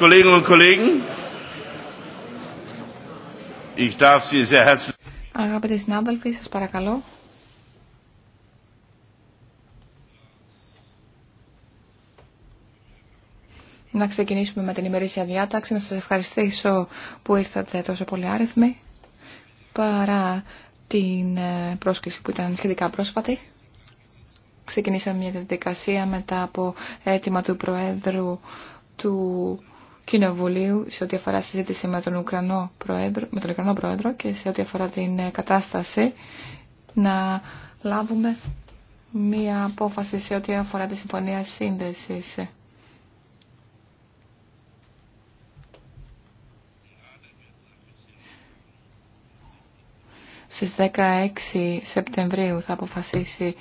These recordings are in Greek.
Kolleginnen Αγαπητοί συνάδελφοι, σας παρακαλώ. Να ξεκινήσουμε με την ημερήσια διάταξη. Να σας ευχαριστήσω που ήρθατε τόσο πολύ άριθμοι παρά την ε, πρόσκληση που ήταν σχετικά πρόσφατη. Ξεκινήσαμε μια διαδικασία μετά από αίτημα του Προέδρου του Κοινοβουλίου σε ό,τι αφορά συζήτηση με τον, Ουκρανό Πρόεδρο, με τον Ουκρανό Πρόεδρο και σε ό,τι αφορά την ε, κατάσταση να λάβουμε μία απόφαση σε ό,τι αφορά τη Συμφωνία Σύνδεσης. Στις 16 Σεπτεμβρίου θα αποφασίσει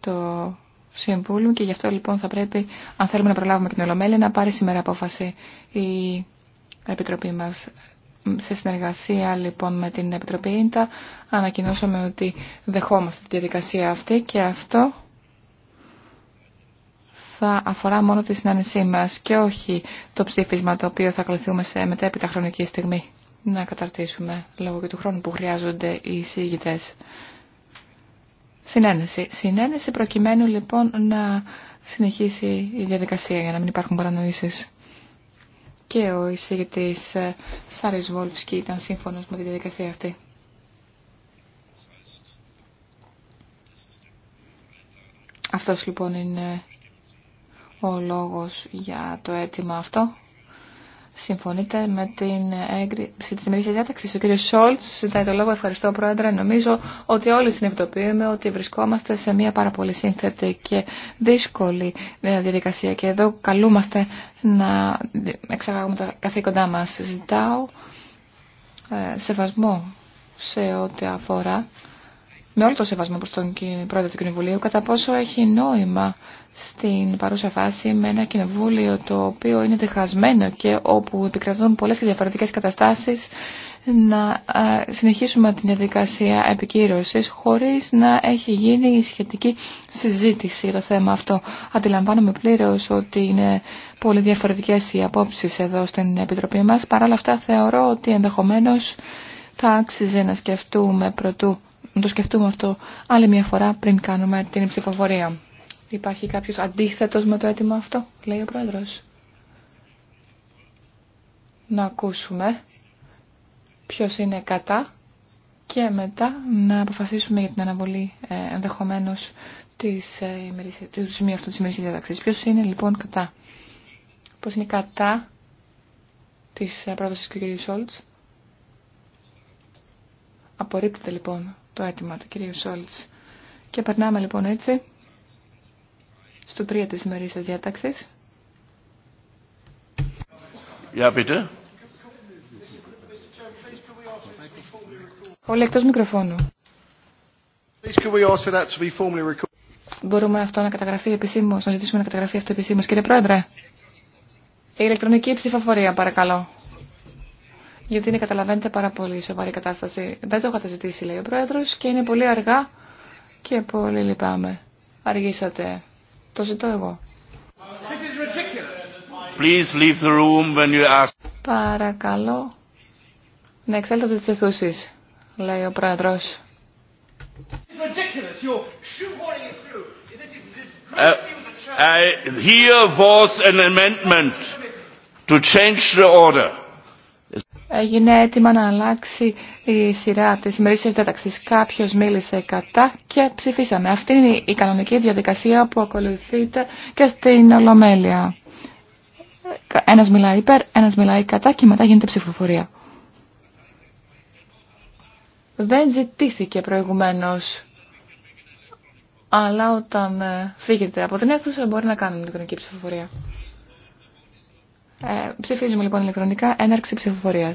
το Συμβούλου και γι' αυτό λοιπόν θα πρέπει, αν θέλουμε να προλάβουμε την Ολομέλεια, να πάρει σήμερα απόφαση η Επιτροπή μας. Σε συνεργασία λοιπόν με την Επιτροπή ΙΝΤΑ ανακοινώσαμε ότι δεχόμαστε τη διαδικασία αυτή και αυτό θα αφορά μόνο τη συνάντησή μας και όχι το ψήφισμα το οποίο θα κληθούμε σε μετέπειτα χρονική στιγμή να καταρτήσουμε λόγω και του χρόνου που χρειάζονται οι εισηγητές. Συνένεση. Συνένεση προκειμένου λοιπόν να συνεχίσει η διαδικασία για να μην υπάρχουν παρανοήσεις. Και ο εισηγητής ε, Σάρις Βόλφσκι ήταν σύμφωνος με τη διαδικασία αυτή. Αυτός λοιπόν είναι ο λόγος για το αίτημα αυτό. Συμφωνείτε με την έγκριση τη ημερήσια διάταξη. Ο κύριο Σόλτ ζητάει το λόγο. Ευχαριστώ, Πρόεδρε. Νομίζω ότι όλοι συνειδητοποιούμε ότι βρισκόμαστε σε μια πάρα πολύ σύνθετη και δύσκολη ε, διαδικασία και εδώ καλούμαστε να εξαγάγουμε τα καθήκοντά μα. Ζητάω ε, σεβασμό σε ό,τι αφορά με όλο το σεβασμό προς τον πρόεδρο του Κοινοβουλίου, κατά πόσο έχει νόημα στην παρούσα φάση με ένα κοινοβούλιο το οποίο είναι διχασμένο και όπου επικρατούν πολλές και διαφορετικές καταστάσεις να συνεχίσουμε την διαδικασία επικύρωσης χωρίς να έχει γίνει η σχετική συζήτηση για το θέμα αυτό. Αντιλαμβάνομαι πλήρως ότι είναι πολύ διαφορετικές οι απόψεις εδώ στην Επιτροπή μας. Παρ' όλα αυτά θεωρώ ότι ενδεχομένως θα άξιζε να σκεφτούμε πρωτού να το σκεφτούμε αυτό άλλη μια φορά πριν κάνουμε την ψηφοφορία. Υπάρχει κάποιο αντίθετο με το αίτημα αυτό, λέει ο πρόεδρο. Να ακούσουμε ποιο είναι κατά και μετά να αποφασίσουμε για την αναβολή ε, ενδεχομένως της, ε, του σημείου αυτού της ημερήσια Ποιος είναι λοιπόν κατά. Πώ είναι κατά τη ε, του κ. Σόλτ. Απορρίπτεται λοιπόν το αίτημα του κυρίου Σόλτ. Και περνάμε λοιπόν έτσι στο 3 της ημερής διάταξη. διάταξης. μικροφώνου. Μπορούμε αυτό να καταγραφεί επισήμως, να ζητήσουμε να καταγραφεί αυτό επισήμως. Κύριε Πρόεδρε, η ηλεκτρονική ψηφοφορία παρακαλώ γιατί είναι καταλαβαίνετε πάρα πολύ σοβαρή κατάσταση. Δεν το είχατε ζητήσει, λέει ο Πρόεδρος, και είναι πολύ αργά και πολύ λυπάμαι. Αργήσατε. Το ζητώ εγώ. leave the room when you ask. Παρακαλώ να εξέλθω τις αιθούσεις, λέει ο Πρόεδρος. Uh, here was an amendment to change the order έγινε έτοιμα να αλλάξει η σειρά της ημερήσιας διάταξης. Κάποιος μίλησε κατά και ψηφίσαμε. Αυτή είναι η κανονική διαδικασία που ακολουθείται και στην Ολομέλεια. Ένας μιλάει υπέρ, ένας μιλάει κατά και μετά γίνεται ψηφοφορία. Δεν ζητήθηκε προηγουμένως, αλλά όταν φύγετε από την αίθουσα μπορεί να κάνουμε την κοινωνική ψηφοφορία. Ε, ψηφίζουμε λοιπόν ηλεκτρονικά έναρξη ψηφοφορία.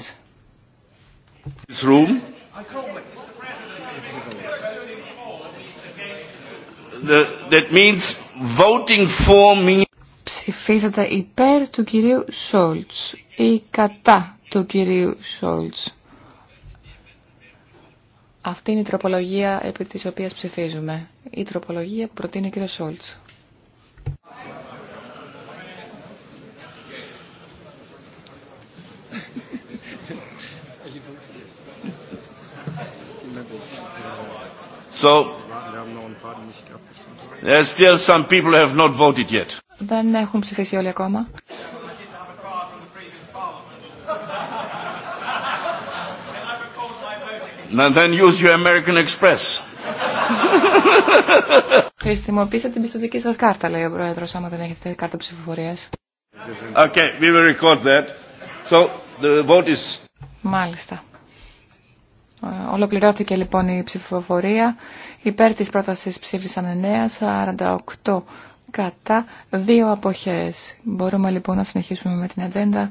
Ψηφίζεται υπέρ του κυρίου Σόλτς ή κατά του κυρίου Σόλτς. Αυτή είναι η τροπολογία επί της οποίας ψηφίζουμε. Η τροπολογία που προτείνει ο κύριος Σόλτς. So, there are still some people who have not voted yet. Δεν έχουν ψηφίσει όλοι ακόμα. And then use your American Express. Χρησιμοποιήστε την πιστοτική σας κάρτα, λέει ο Πρόεδρος, άμα δεν έχετε κάρτα ψηφοφορίας. Okay, we will record that. So, the vote is... Μάλιστα. Ολοκληρώθηκε λοιπόν η ψηφοφορία. Υπέρ της πρότασης ψήφισαν 9, 48 κατά, 2 αποχές. Μπορούμε λοιπόν να συνεχίσουμε με την ατζέντα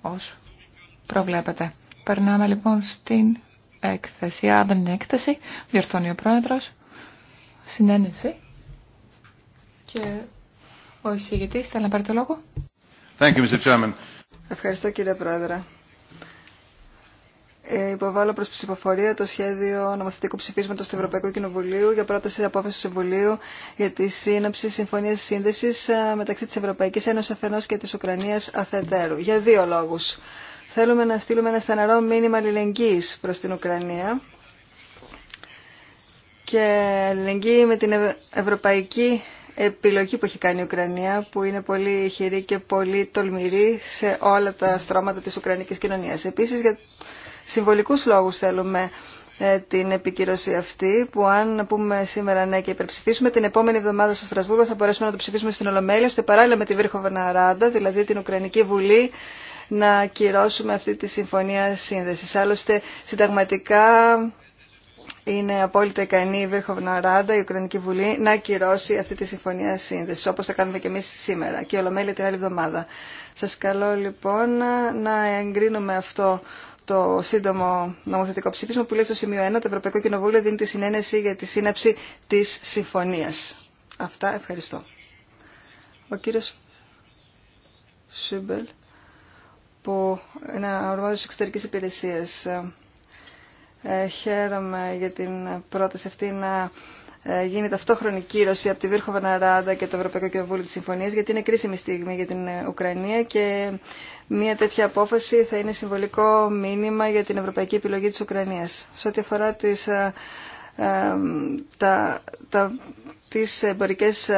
όσο προβλέπετε. Περνάμε λοιπόν στην έκθεση. Αν δεν είναι έκθεση, διορθώνει ο πρόεδρος. Συνένεση. Και ο εισηγητής θέλει να πάρει το λόγο. Thank you, Mr. Ευχαριστώ κύριε πρόεδρε. Ε, υποβάλλω προς ψηφοφορία το σχέδιο νομοθετικού ψηφίσματος του Ευρωπαϊκού Κοινοβουλίου για πρόταση απόφαση του Συμβουλίου για τη σύναψη συμφωνίας σύνδεσης ε, μεταξύ της Ευρωπαϊκής Ένωσης Αφενό και της Ουκρανίας αφετέρου. Για δύο λόγους. Θέλουμε να στείλουμε ένα στεναρό μήνυμα αλληλεγγύης προς την Ουκρανία και αλληλεγγύη με την ευρωπαϊκή επιλογή που έχει κάνει η Ουκρανία, που είναι πολύ χειρή και πολύ τολμηρή σε όλα τα στρώματα της Ουκρανικής κοινωνίας. Επίσης, για συμβολικούς λόγους θέλουμε ε, την επικύρωση αυτή που αν πούμε σήμερα ναι και υπερψηφίσουμε την επόμενη εβδομάδα στο Στρασβούργο θα μπορέσουμε να το ψηφίσουμε στην Ολομέλεια ώστε παράλληλα με τη Βίρχοβνα Ράντα δηλαδή την Ουκρανική Βουλή να κυρώσουμε αυτή τη συμφωνία σύνδεσης. Άλλωστε συνταγματικά είναι απόλυτα ικανή η Βίρχοβνα Ράντα, η Ουκρανική Βουλή, να κυρώσει αυτή τη συμφωνία σύνδεσης όπως θα κάνουμε και εμεί σήμερα και η Ολομέλεια την άλλη εβδομάδα. Σα καλώ λοιπόν να εγκρίνουμε αυτό το σύντομο νομοθετικό ψήφισμα που λέει στο σημείο 1 το Ευρωπαϊκό Κοινοβούλιο δίνει τη συνένεση για τη σύναψη της συμφωνίας. Αυτά, ευχαριστώ. Ο κύριος Σούμπελ, που είναι αρμόδιος της εξωτερικής υπηρεσίας, ε, χαίρομαι για την πρόταση αυτή να ε, γίνει ταυτόχρονη κύρωση από τη Βίρχο Βαναράδα και το Ευρωπαϊκό Κοινοβούλιο τη Συμφωνία, γιατί είναι κρίσιμη στιγμή για την ε, Ουκρανία και μια τέτοια απόφαση θα είναι συμβολικό μήνυμα για την ευρωπαϊκή επιλογή της Ουκρανίας. Σε ό,τι αφορά τις, ε, τα, τα, τις εμπορικές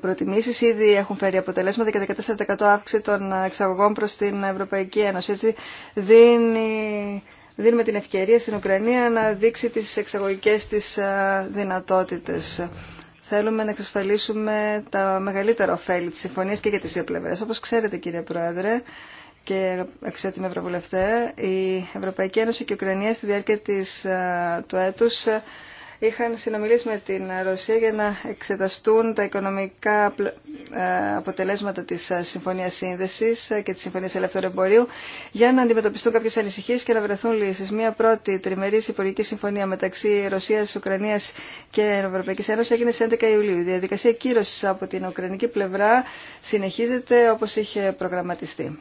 προτιμήσεις ήδη έχουν φέρει αποτελέσματα και 14% αύξηση των εξαγωγών προς την Ευρωπαϊκή Ένωση. Έτσι δίνει δίνουμε την ευκαιρία στην Ουκρανία να δείξει τις εξαγωγικές της ε, δυνατότητες. Θέλουμε να εξασφαλίσουμε τα μεγαλύτερα ωφέλη της συμφωνίας και για τις δύο πλευρές. Όπως ξέρετε κύριε Πρόεδρε και αξιότιμη Ευρωβουλευτέ, η Ευρωπαϊκή Ένωση και η Ουκρανία στη διάρκεια της, ε, του έτους ε, είχαν συνομιλήσει με την Ρωσία για να εξεταστούν τα οικονομικά ε, αποτελέσματα της ε, Συμφωνίας Σύνδεσης ε, και της Συμφωνίας Ελεύθερου Εμπορίου για να αντιμετωπιστούν κάποιες ανησυχίες και να βρεθούν λύσεις. Μία πρώτη τριμερής υπουργική συμφωνία μεταξύ Ρωσίας, Ουκρανίας και Ευρωπαϊκής Ένωσης έγινε στις 11 Ιουλίου. Η διαδικασία κύρωσης από την Ουκρανική πλευρά συνεχίζεται όπως είχε προγραμματιστεί.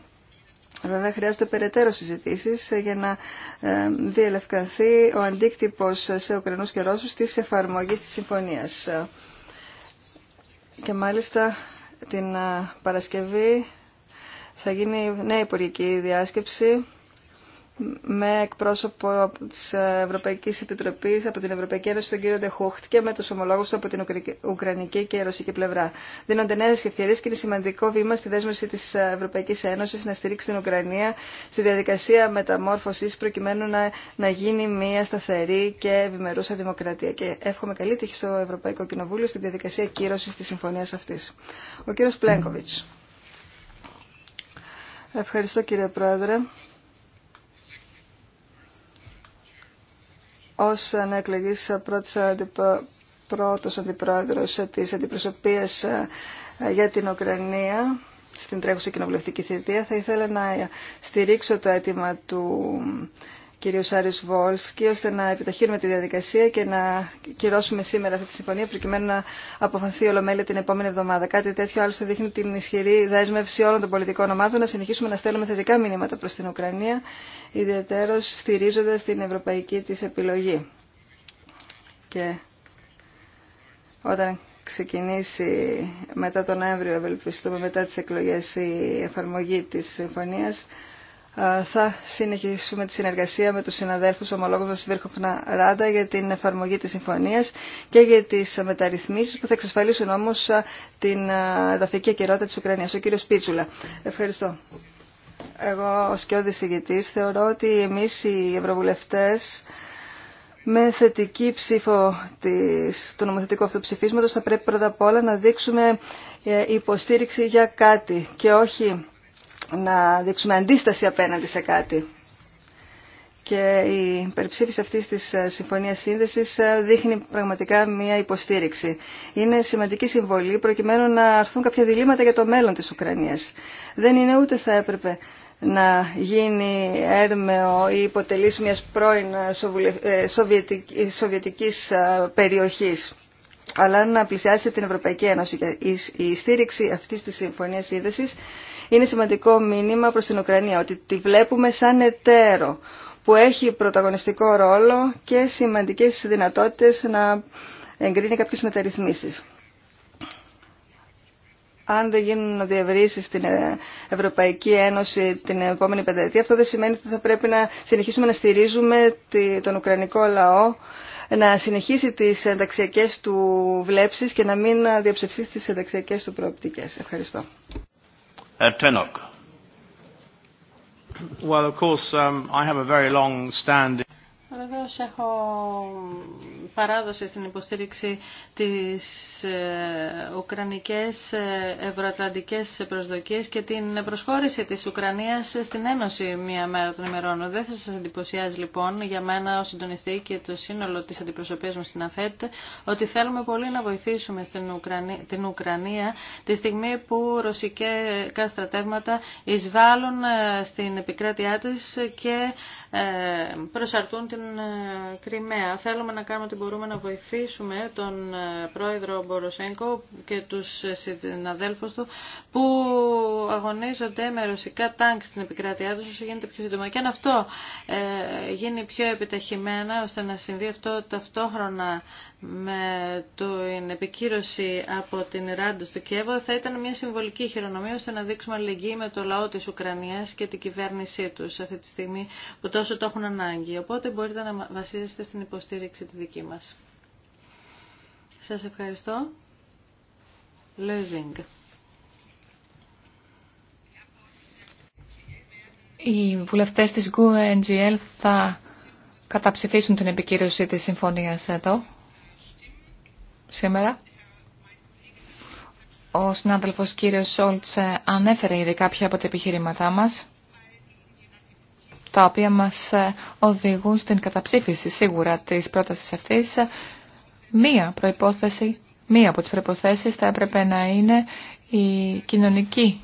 Βέβαια χρειάζονται περαιτέρω συζητήσει ε, για να ε, διελευκανθεί ο αντίκτυπο σε Ουκρανού και Ρώσου της εφαρμογή της συμφωνίας. Και μάλιστα την ε, Παρασκευή θα γίνει νέα υπουργική διάσκεψη με εκπρόσωπο της Ευρωπαϊκής Επιτροπής από την Ευρωπαϊκή Ένωση, τον κύριο Ντεχούχτ και με τους ομολόγους του από την Ουκρανική και Ρωσική πλευρά. Δίνονται νέες ευκαιρίες και είναι σημαντικό βήμα στη δέσμευση της Ευρωπαϊκής Ένωσης να στηρίξει την Ουκρανία στη διαδικασία μεταμόρφωσης προκειμένου να, γίνει μια σταθερή και ευημερούσα δημοκρατία. Και εύχομαι καλή τύχη στο Ευρωπαϊκό Κοινοβούλιο στη διαδικασία κύρωση τη συμφωνία αυτή. Ο κύριος Πλέγκοβιτς. Ευχαριστώ κύριε Πρόεδρε. ως να εκλεγείς πρώτος, πρώτος αντιπρόεδρος της αντιπροσωπείας ε, για την Ουκρανία στην τρέχουσα κοινοβουλευτική θητεία. Θα ήθελα να στηρίξω το αίτημα του κύριο Σάριου Βόλσκι, ώστε να επιταχύνουμε τη διαδικασία και να κυρώσουμε σήμερα αυτή τη συμφωνία, προκειμένου να αποφανθεί Ολομέλεια την επόμενη εβδομάδα. Κάτι τέτοιο άλλωστε δείχνει την ισχυρή δέσμευση όλων των πολιτικών ομάδων να συνεχίσουμε να στέλνουμε θετικά μηνύματα προ την Ουκρανία, ιδιαίτερω στηρίζοντα την ευρωπαϊκή τη επιλογή. Και όταν ξεκινήσει μετά τον Νοέμβριο, ευελπιστούμε μετά τις εκλογέ η εφαρμογή τη συμφωνία, θα συνεχίσουμε τη συνεργασία με τους συναδέλφους ομολόγους μας Βίρχοφνα Ράντα για την εφαρμογή της συμφωνίας και για τις μεταρρυθμίσεις που θα εξασφαλίσουν όμως την εδαφική ακερότητα της Ουκρανίας. Ο κύριος Πίτσουλα. Ευχαριστώ. Εγώ ως και ο θεωρώ ότι εμείς οι ευρωβουλευτές με θετική ψήφο της, του νομοθετικού αυτοψηφίσματος θα πρέπει πρώτα απ' όλα να δείξουμε ε, υποστήριξη για κάτι και όχι να δείξουμε αντίσταση απέναντι σε κάτι. Και η υπερψήφιση αυτής της ε, Συμφωνίας Σύνδεσης ε, δείχνει πραγματικά μια υποστήριξη. Είναι σημαντική συμβολή προκειμένου να αρθούν κάποια διλήμματα για το μέλλον της Ουκρανίας. Δεν είναι ούτε θα έπρεπε να γίνει έρμεο ή υποτελής μιας πρώην ε, σοβιετικής περιοχής αλλά να πλησιάσει την Ευρωπαϊκή Ένωση. Η στήριξη αυτής της συμφωνίας σύνδεσης είναι σημαντικό μήνυμα προς την Ουκρανία, ότι τη βλέπουμε σαν εταίρο που έχει πρωταγωνιστικό ρόλο και σημαντικές δυνατότητες να εγκρίνει κάποιες μεταρρυθμίσεις. Αν δεν γίνουν διευρύσεις στην ε- Ευρωπαϊκή Ένωση την επόμενη πενταετία, αυτό δεν σημαίνει ότι θα πρέπει να συνεχίσουμε να στηρίζουμε τον Ουκρανικό λαό να συνεχίσει τις ενταξιακές του βλέψεις και να μην διαψευσει τις ενταξιακές του προοπτικές. Ευχαριστώ. Tenok. Well, of course, um, I have a very long standing. Βέβαια, έχω παράδοση στην υποστήριξη της ε, ουκρανικές ε, ευρωατλαντικές προσδοκίες και την προσχώρηση της Ουκρανίας στην Ένωση μία μέρα των ημερών. Δεν θα σας εντυπωσιάζει λοιπόν για μένα ως συντονιστή και το σύνολο της αντιπροσωπείας μου στην ΑΦΕΤ ότι θέλουμε πολύ να βοηθήσουμε στην Ουκρανία, την Ουκρανία τη στιγμή που ρωσικά στρατεύματα εισβάλλουν ε, στην επικράτειά της και προσαρτούν την Κρυμαία. Θέλουμε να κάνουμε την μπορούμε να βοηθήσουμε τον ε, πρόεδρο Μποροσέγκο και τους ε, συναδέλφους του που αγωνίζονται με ρωσικά τάγκ στην επικράτειά τους όσο γίνεται πιο σύντομα. Και αν αυτό ε, γίνει πιο επιταχυμένα ώστε να συμβεί αυτό ταυτόχρονα με την επικύρωση από την Ράντα στο Κιέβο θα ήταν μια συμβολική χειρονομία ώστε να δείξουμε αλληλεγγύη με το λαό της Ουκρανίας και την κυβέρνησή τους αυτή τη στιγμή που τόσο το έχουν ανάγκη. Οπότε μπορείτε να βασίζεστε στην υποστήριξη τη δική μου μας. Σας ευχαριστώ. Λέζινγκ. Οι βουλευτές της GUNGL θα καταψηφίσουν την επικύρωση της συμφωνίας εδώ, σήμερα. Ο συνάδελφος κύριος Σόλτς ανέφερε ήδη κάποια από τα επιχειρήματά μας τα οποία μας ε, οδηγούν στην καταψήφιση σίγουρα της πρότασης αυτής. Μία προϋπόθεση, μία από τις προϋποθέσεις θα έπρεπε να είναι η κοινωνική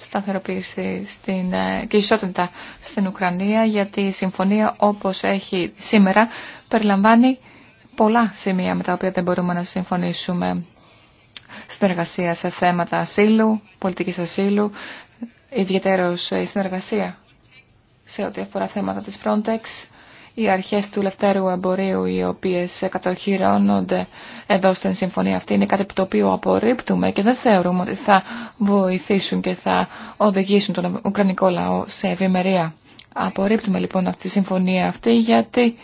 σταθεροποίηση στην, ε, και ισότητα στην Ουκρανία γιατί η συμφωνία όπως έχει σήμερα περιλαμβάνει πολλά σημεία με τα οποία δεν μπορούμε να συμφωνήσουμε συνεργασία σε θέματα ασύλου, πολιτικής ασύλου, ιδιαίτερως ε, η συνεργασία σε ό,τι αφορά θέματα της Frontex, οι αρχές του ελευθέρου εμπορίου οι οποίες κατοχυρώνονται εδώ στην συμφωνία αυτή είναι κάτι το οποίο απορρίπτουμε και δεν θεωρούμε ότι θα βοηθήσουν και θα οδηγήσουν τον Ουκρανικό λαό σε ευημερία. Απορρίπτουμε λοιπόν αυτή τη συμφωνία αυτή γιατί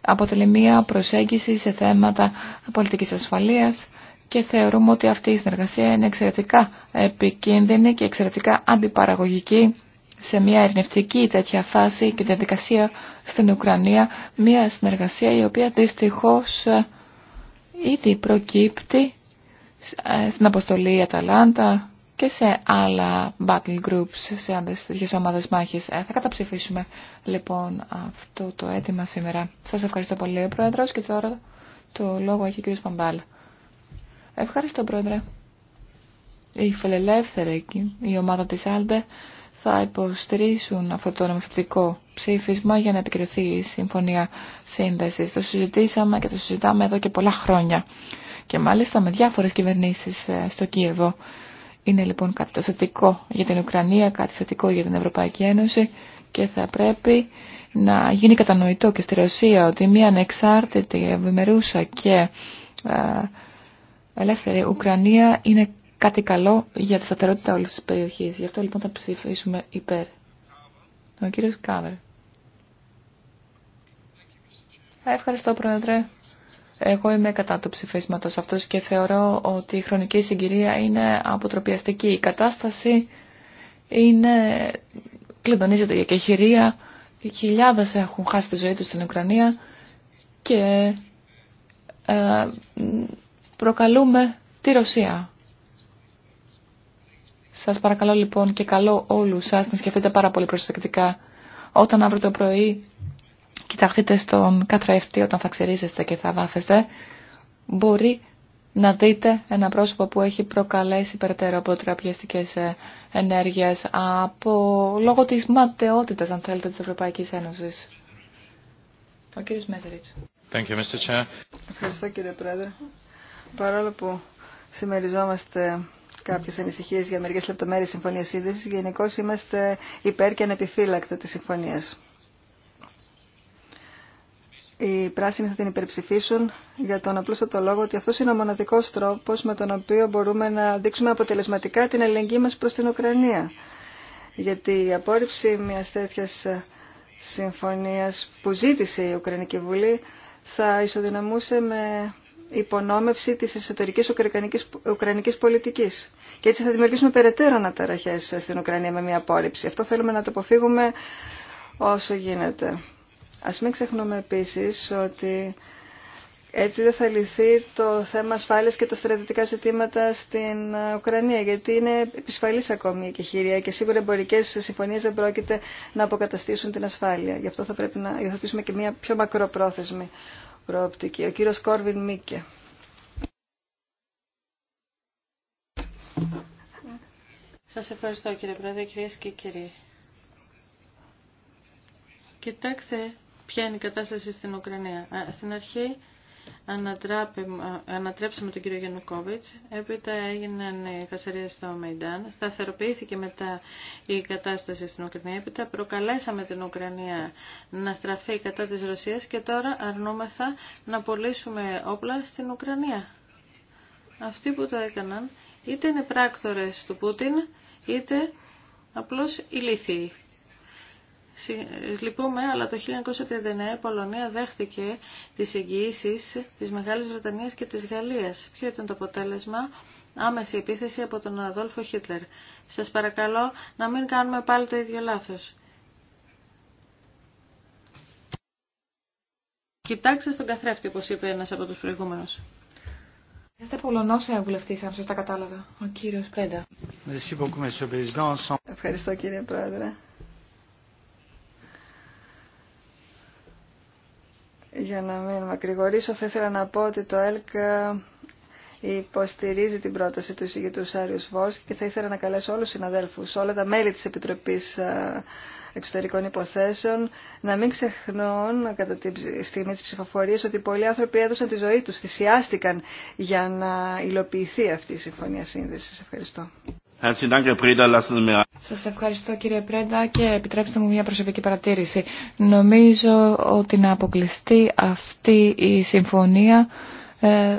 αποτελεί μια προσέγγιση σε θέματα πολιτικής ασφαλείας και θεωρούμε ότι αυτή η συνεργασία είναι εξαιρετικά επικίνδυνη και εξαιρετικά αντιπαραγωγική σε μια ερνευτική τέτοια φάση και διαδικασία στην Ουκρανία, μια συνεργασία η οποία δυστυχώς ε, ήδη προκύπτει ε, στην αποστολή Αταλάντα και σε άλλα battle groups, σε άλλες ομάδες μάχης. Ε, θα καταψηφίσουμε λοιπόν αυτό το αίτημα σήμερα. Σας ευχαριστώ πολύ ο Πρόεδρος και τώρα το λόγο έχει ο κ. Παμπάλ. Ευχαριστώ Πρόεδρε. Η φιλελεύθερη, η ομάδα της Άλντε, θα υποστηρίσουν αυτό το νομοθετικό ψήφισμα για να επικριθεί η Συμφωνία Σύνδεσης. Το συζητήσαμε και το συζητάμε εδώ και πολλά χρόνια και μάλιστα με διάφορες κυβερνήσεις ε, στο Κίεβο. Είναι λοιπόν κάτι το θετικό για την Ουκρανία, κάτι θετικό για την Ευρωπαϊκή Ένωση και θα πρέπει να γίνει κατανοητό και στη Ρωσία ότι μια ανεξάρτητη, ευημερούσα και ε, ελεύθερη Ουκρανία είναι κάτι καλό για τη σταθερότητα όλη τη περιοχή. Γι' αυτό λοιπόν θα ψηφίσουμε υπέρ. Ο κύριο Κάβερ. Ευχαριστώ Πρόεδρε. Εγώ είμαι κατά του ψηφίσματο αυτό και θεωρώ ότι η χρονική συγκυρία είναι αποτροπιαστική. Η κατάσταση είναι... κλειδονίζεται για κεχηρία. χιλιάδε έχουν χάσει τη ζωή του στην Ουκρανία και ε, προκαλούμε τη Ρωσία σας παρακαλώ λοιπόν και καλό όλους σας να σκεφτείτε πάρα πολύ προσεκτικά όταν αύριο το πρωί κοιταχτείτε στον καθρέφτη όταν θα ξερίζεστε και θα βάθεστε μπορεί να δείτε ένα πρόσωπο που έχει προκαλέσει περαιτέρω από τραπιαστικές ε, ενέργειες από λόγω της ματαιότητας αν θέλετε της Ευρωπαϊκής Ένωσης. Ο κύριος Μέζεριτς. Ευχαριστώ κύριε Πρόεδρε. Παρόλο που συμμεριζόμαστε Κάποιε ανησυχίε για μερικέ λεπτομέρειες συμφωνίας σύνδεση. Γενικώ είμαστε υπέρ και ανεπιφύλακτα της συμφωνίας. Οι πράσινοι θα την υπερψηφίσουν για τον απλούστατο λόγο ότι αυτό είναι ο μοναδικός τρόπο με τον οποίο μπορούμε να δείξουμε αποτελεσματικά την ελεγγύη μας προς την Ουκρανία. Γιατί η απόρριψη μια τέτοια συμφωνία που ζήτησε η Ουκρανική Βουλή θα ισοδυναμούσε με υπονόμευση της εσωτερικής ουκρανικής, πολιτικής. Και έτσι θα δημιουργήσουμε περαιτέρω αναταραχές στην Ουκρανία με μια απόρριψη. Αυτό θέλουμε να το αποφύγουμε όσο γίνεται. Ας μην ξεχνούμε επίσης ότι έτσι δεν θα λυθεί το θέμα ασφάλειας και τα στρατιωτικά ζητήματα στην Ουκρανία, γιατί είναι επισφαλής ακόμη η χειρία και σίγουρα εμπορικέ συμφωνίες δεν πρόκειται να αποκαταστήσουν την ασφάλεια. Γι' αυτό θα πρέπει να υιοθετήσουμε και μια πιο μακροπρόθεσμη προοπτική. Ο κύριος Κόρβιν Μίκε. Σας ευχαριστώ κύριε Πρόεδρε, κυρίες και κύριοι. Κοιτάξτε ποια είναι η κατάσταση στην Ουκρανία. Στην αρχή ανατρέψαμε τον κύριο Γιαννουκόβιτς, έπειτα έγιναν οι φασαρίες στο Μεϊντάν, σταθεροποιήθηκε μετά η κατάσταση στην Ουκρανία, έπειτα προκαλέσαμε την Ουκρανία να στραφεί κατά της Ρωσίας και τώρα αρνούμεθα να πωλήσουμε όπλα στην Ουκρανία. Αυτοί που το έκαναν είτε είναι πράκτορες του Πούτιν, είτε απλώς ηλίθιοι. Λυπούμε, αλλά το 1939 η Πολωνία δέχτηκε τις εγγυήσεις της Μεγάλης Βρετανίας και της Γαλλίας. Ποιο ήταν το αποτέλεσμα? Άμεση επίθεση από τον Αδόλφο Χίτλερ. Σας παρακαλώ να μην κάνουμε πάλι το ίδιο λάθος. Κοιτάξτε στον καθρέφτη, όπως είπε ένας από τους προηγούμενους. Είστε Πολωνός ευβουλευτής, αν τα κατάλαβα. Ο κύριος Πρέντα. Ευχαριστώ κύριε Πρόεδρε. Για να μην μακρηγορήσω, θα ήθελα να πω ότι το ΕΛΚ ε, υποστηρίζει την πρόταση του εισηγητού Σάριου Βόλσκ και θα ήθελα να καλέσω όλους τους συναδέλφους, όλα τα μέλη της Επιτροπής ε, Εξωτερικών Υποθέσεων, να μην ξεχνούν κατά τη στιγμή της ψηφοφορίας ότι πολλοί άνθρωποι έδωσαν τη ζωή τους, θυσιάστηκαν για να υλοποιηθεί αυτή η Συμφωνία Σύνδεσης. Ευχαριστώ. Σας ευχαριστώ κύριε Πρέντα και επιτρέψτε μου μια προσωπική παρατήρηση. Νομίζω ότι να αποκλειστεί αυτή η συμφωνία ε,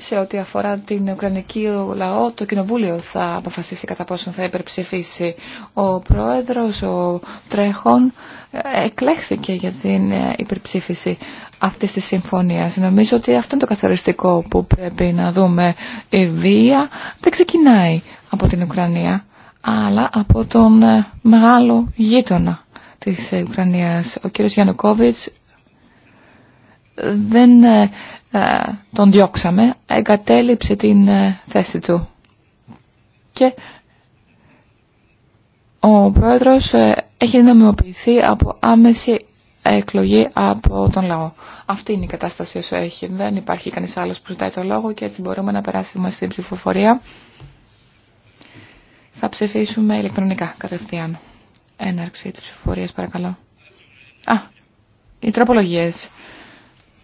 σε ό,τι αφορά την Ουκρανική λαό, το Κοινοβούλιο θα αποφασίσει κατά πόσον θα υπερψηφίσει. Ο πρόεδρος, ο τρέχον, εκλέχθηκε για την ε, υπερψήφιση αυτής της συμφωνίας. Νομίζω ότι αυτό είναι το καθοριστικό που πρέπει να δούμε. Η βία δεν ξεκινάει από την Ουκρανία, αλλά από τον ε, μεγάλο γείτονα της Ουκρανίας. Ο κύριος Γιαννουκόβιτς δεν ε, ε, τον διώξαμε, εγκατέλειψε την ε, θέση του. Και ο πρόεδρος ε, έχει νομιμοποιηθεί από άμεση εκλογή από τον λαό. Αυτή είναι η κατάσταση όσο έχει. Δεν υπάρχει κανείς άλλος που ζητάει το λόγο και έτσι μπορούμε να περάσουμε στην ψηφοφορία. Θα ψηφίσουμε ηλεκτρονικά κατευθείαν. Έναρξη της ψηφοφορίας παρακαλώ. Α, οι τροπολογίες.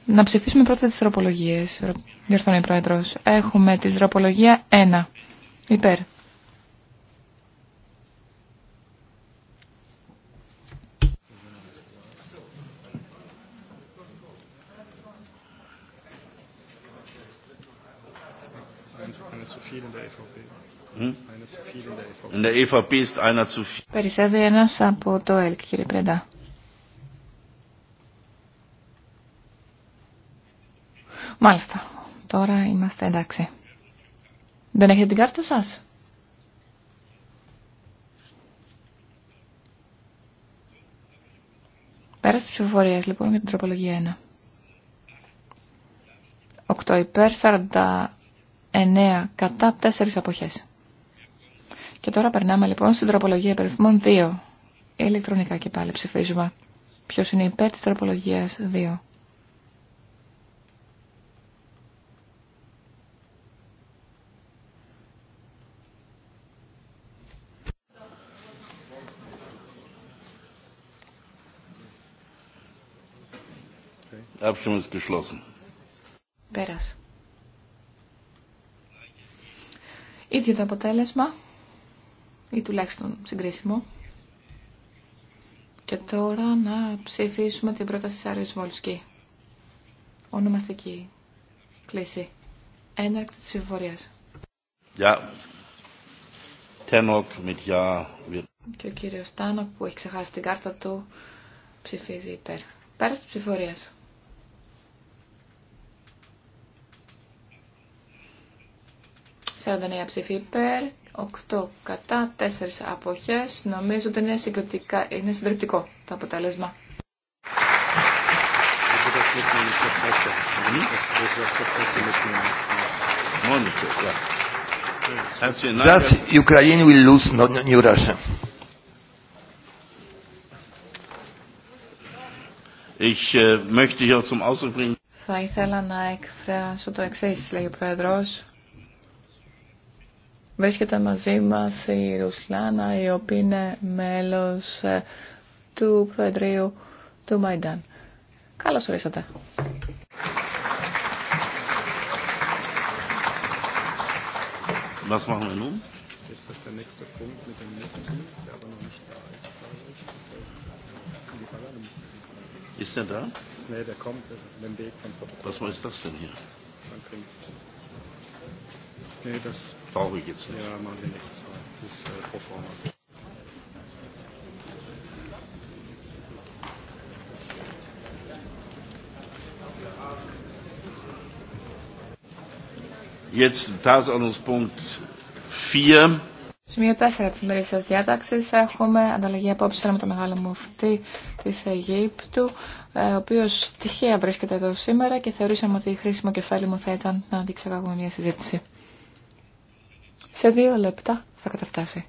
Να ψηφίσουμε πρώτα τις τροπολογίες, διορθώνει ο Πρόεδρος. Έχουμε την τροπολογία 1. Υπέρ. Hm? E Περισσεύει ένας από το ΕΛΚ, κύριε Πρέντα. Μάλιστα. Τώρα είμαστε εντάξει. Δεν έχετε την κάρτα σας. Πέρα στις ψηφοφορίες λοιπόν για την τροπολογία 1. 8 υπέρ 49 κατά 4 αποχές. Και τώρα περνάμε λοιπόν στην τροπολογία περιθμών 2. Ηλεκτρονικά και πάλι ψηφίζουμε. Ποιος είναι υπέρ της τροπολογίας 2. Abstimmung ist geschlossen. Ίδιο το αποτέλεσμα ή τουλάχιστον συγκρίσιμο. Και τώρα να ψηφίσουμε την πρόταση Σάριος Βολσκή. Ονομαστική κλίση. Έναρκτη τη ψηφοφορία. Γεια. Τένοκ μητιά. Και ο κύριο Τάνοκ που έχει ξεχάσει την κάρτα του ψηφίζει υπέρ. Πέρασε της ψηφοφορίας. 49 ψήφοι υπέρ, 8 κατά, 4 αποχές. Νομίζω ότι είναι, είναι συντριπτικό το αποτέλεσμα. Thus, Ukraine will lose, not new Russia. Ich äh, möchte hier zum Ausdruck bringen. Θα ήθελα να εκφράσω το εξή, λέει ο Πρόεδρος. Βρίσκεται μαζί μας η Ρουσλάνα, η οποία είναι μέλος του Προεδρείου του Μαϊντάν. Καλώς ορίσατε. Was machen wir nun? Jetzt ist der nächste Punkt mit dem nächsten, der aber noch nicht da ist, glaube ich. Ist er da? Nee, der kommt, der ist auf dem Weg von Was ist das denn hier? Man kriegt Nee, das brauche ich jetzt nicht. Ja, machen wir nächstes Mal. Das ist äh, pro forma. Jetzt Tagesordnungspunkt 4. Σημείο 4 της μερικής διάταξης έχουμε ανταλλαγή απόψε με τον μεγάλο μουφτή της Αιγύπτου, ε, ο οποίος τυχαία βρίσκεται εδώ σήμερα και θεωρήσαμε ότι χρήσιμο κεφάλι μου θα ήταν να διεξαγάγουμε μια συζήτηση. Σε δύο λεπτά θα καταφτάσει.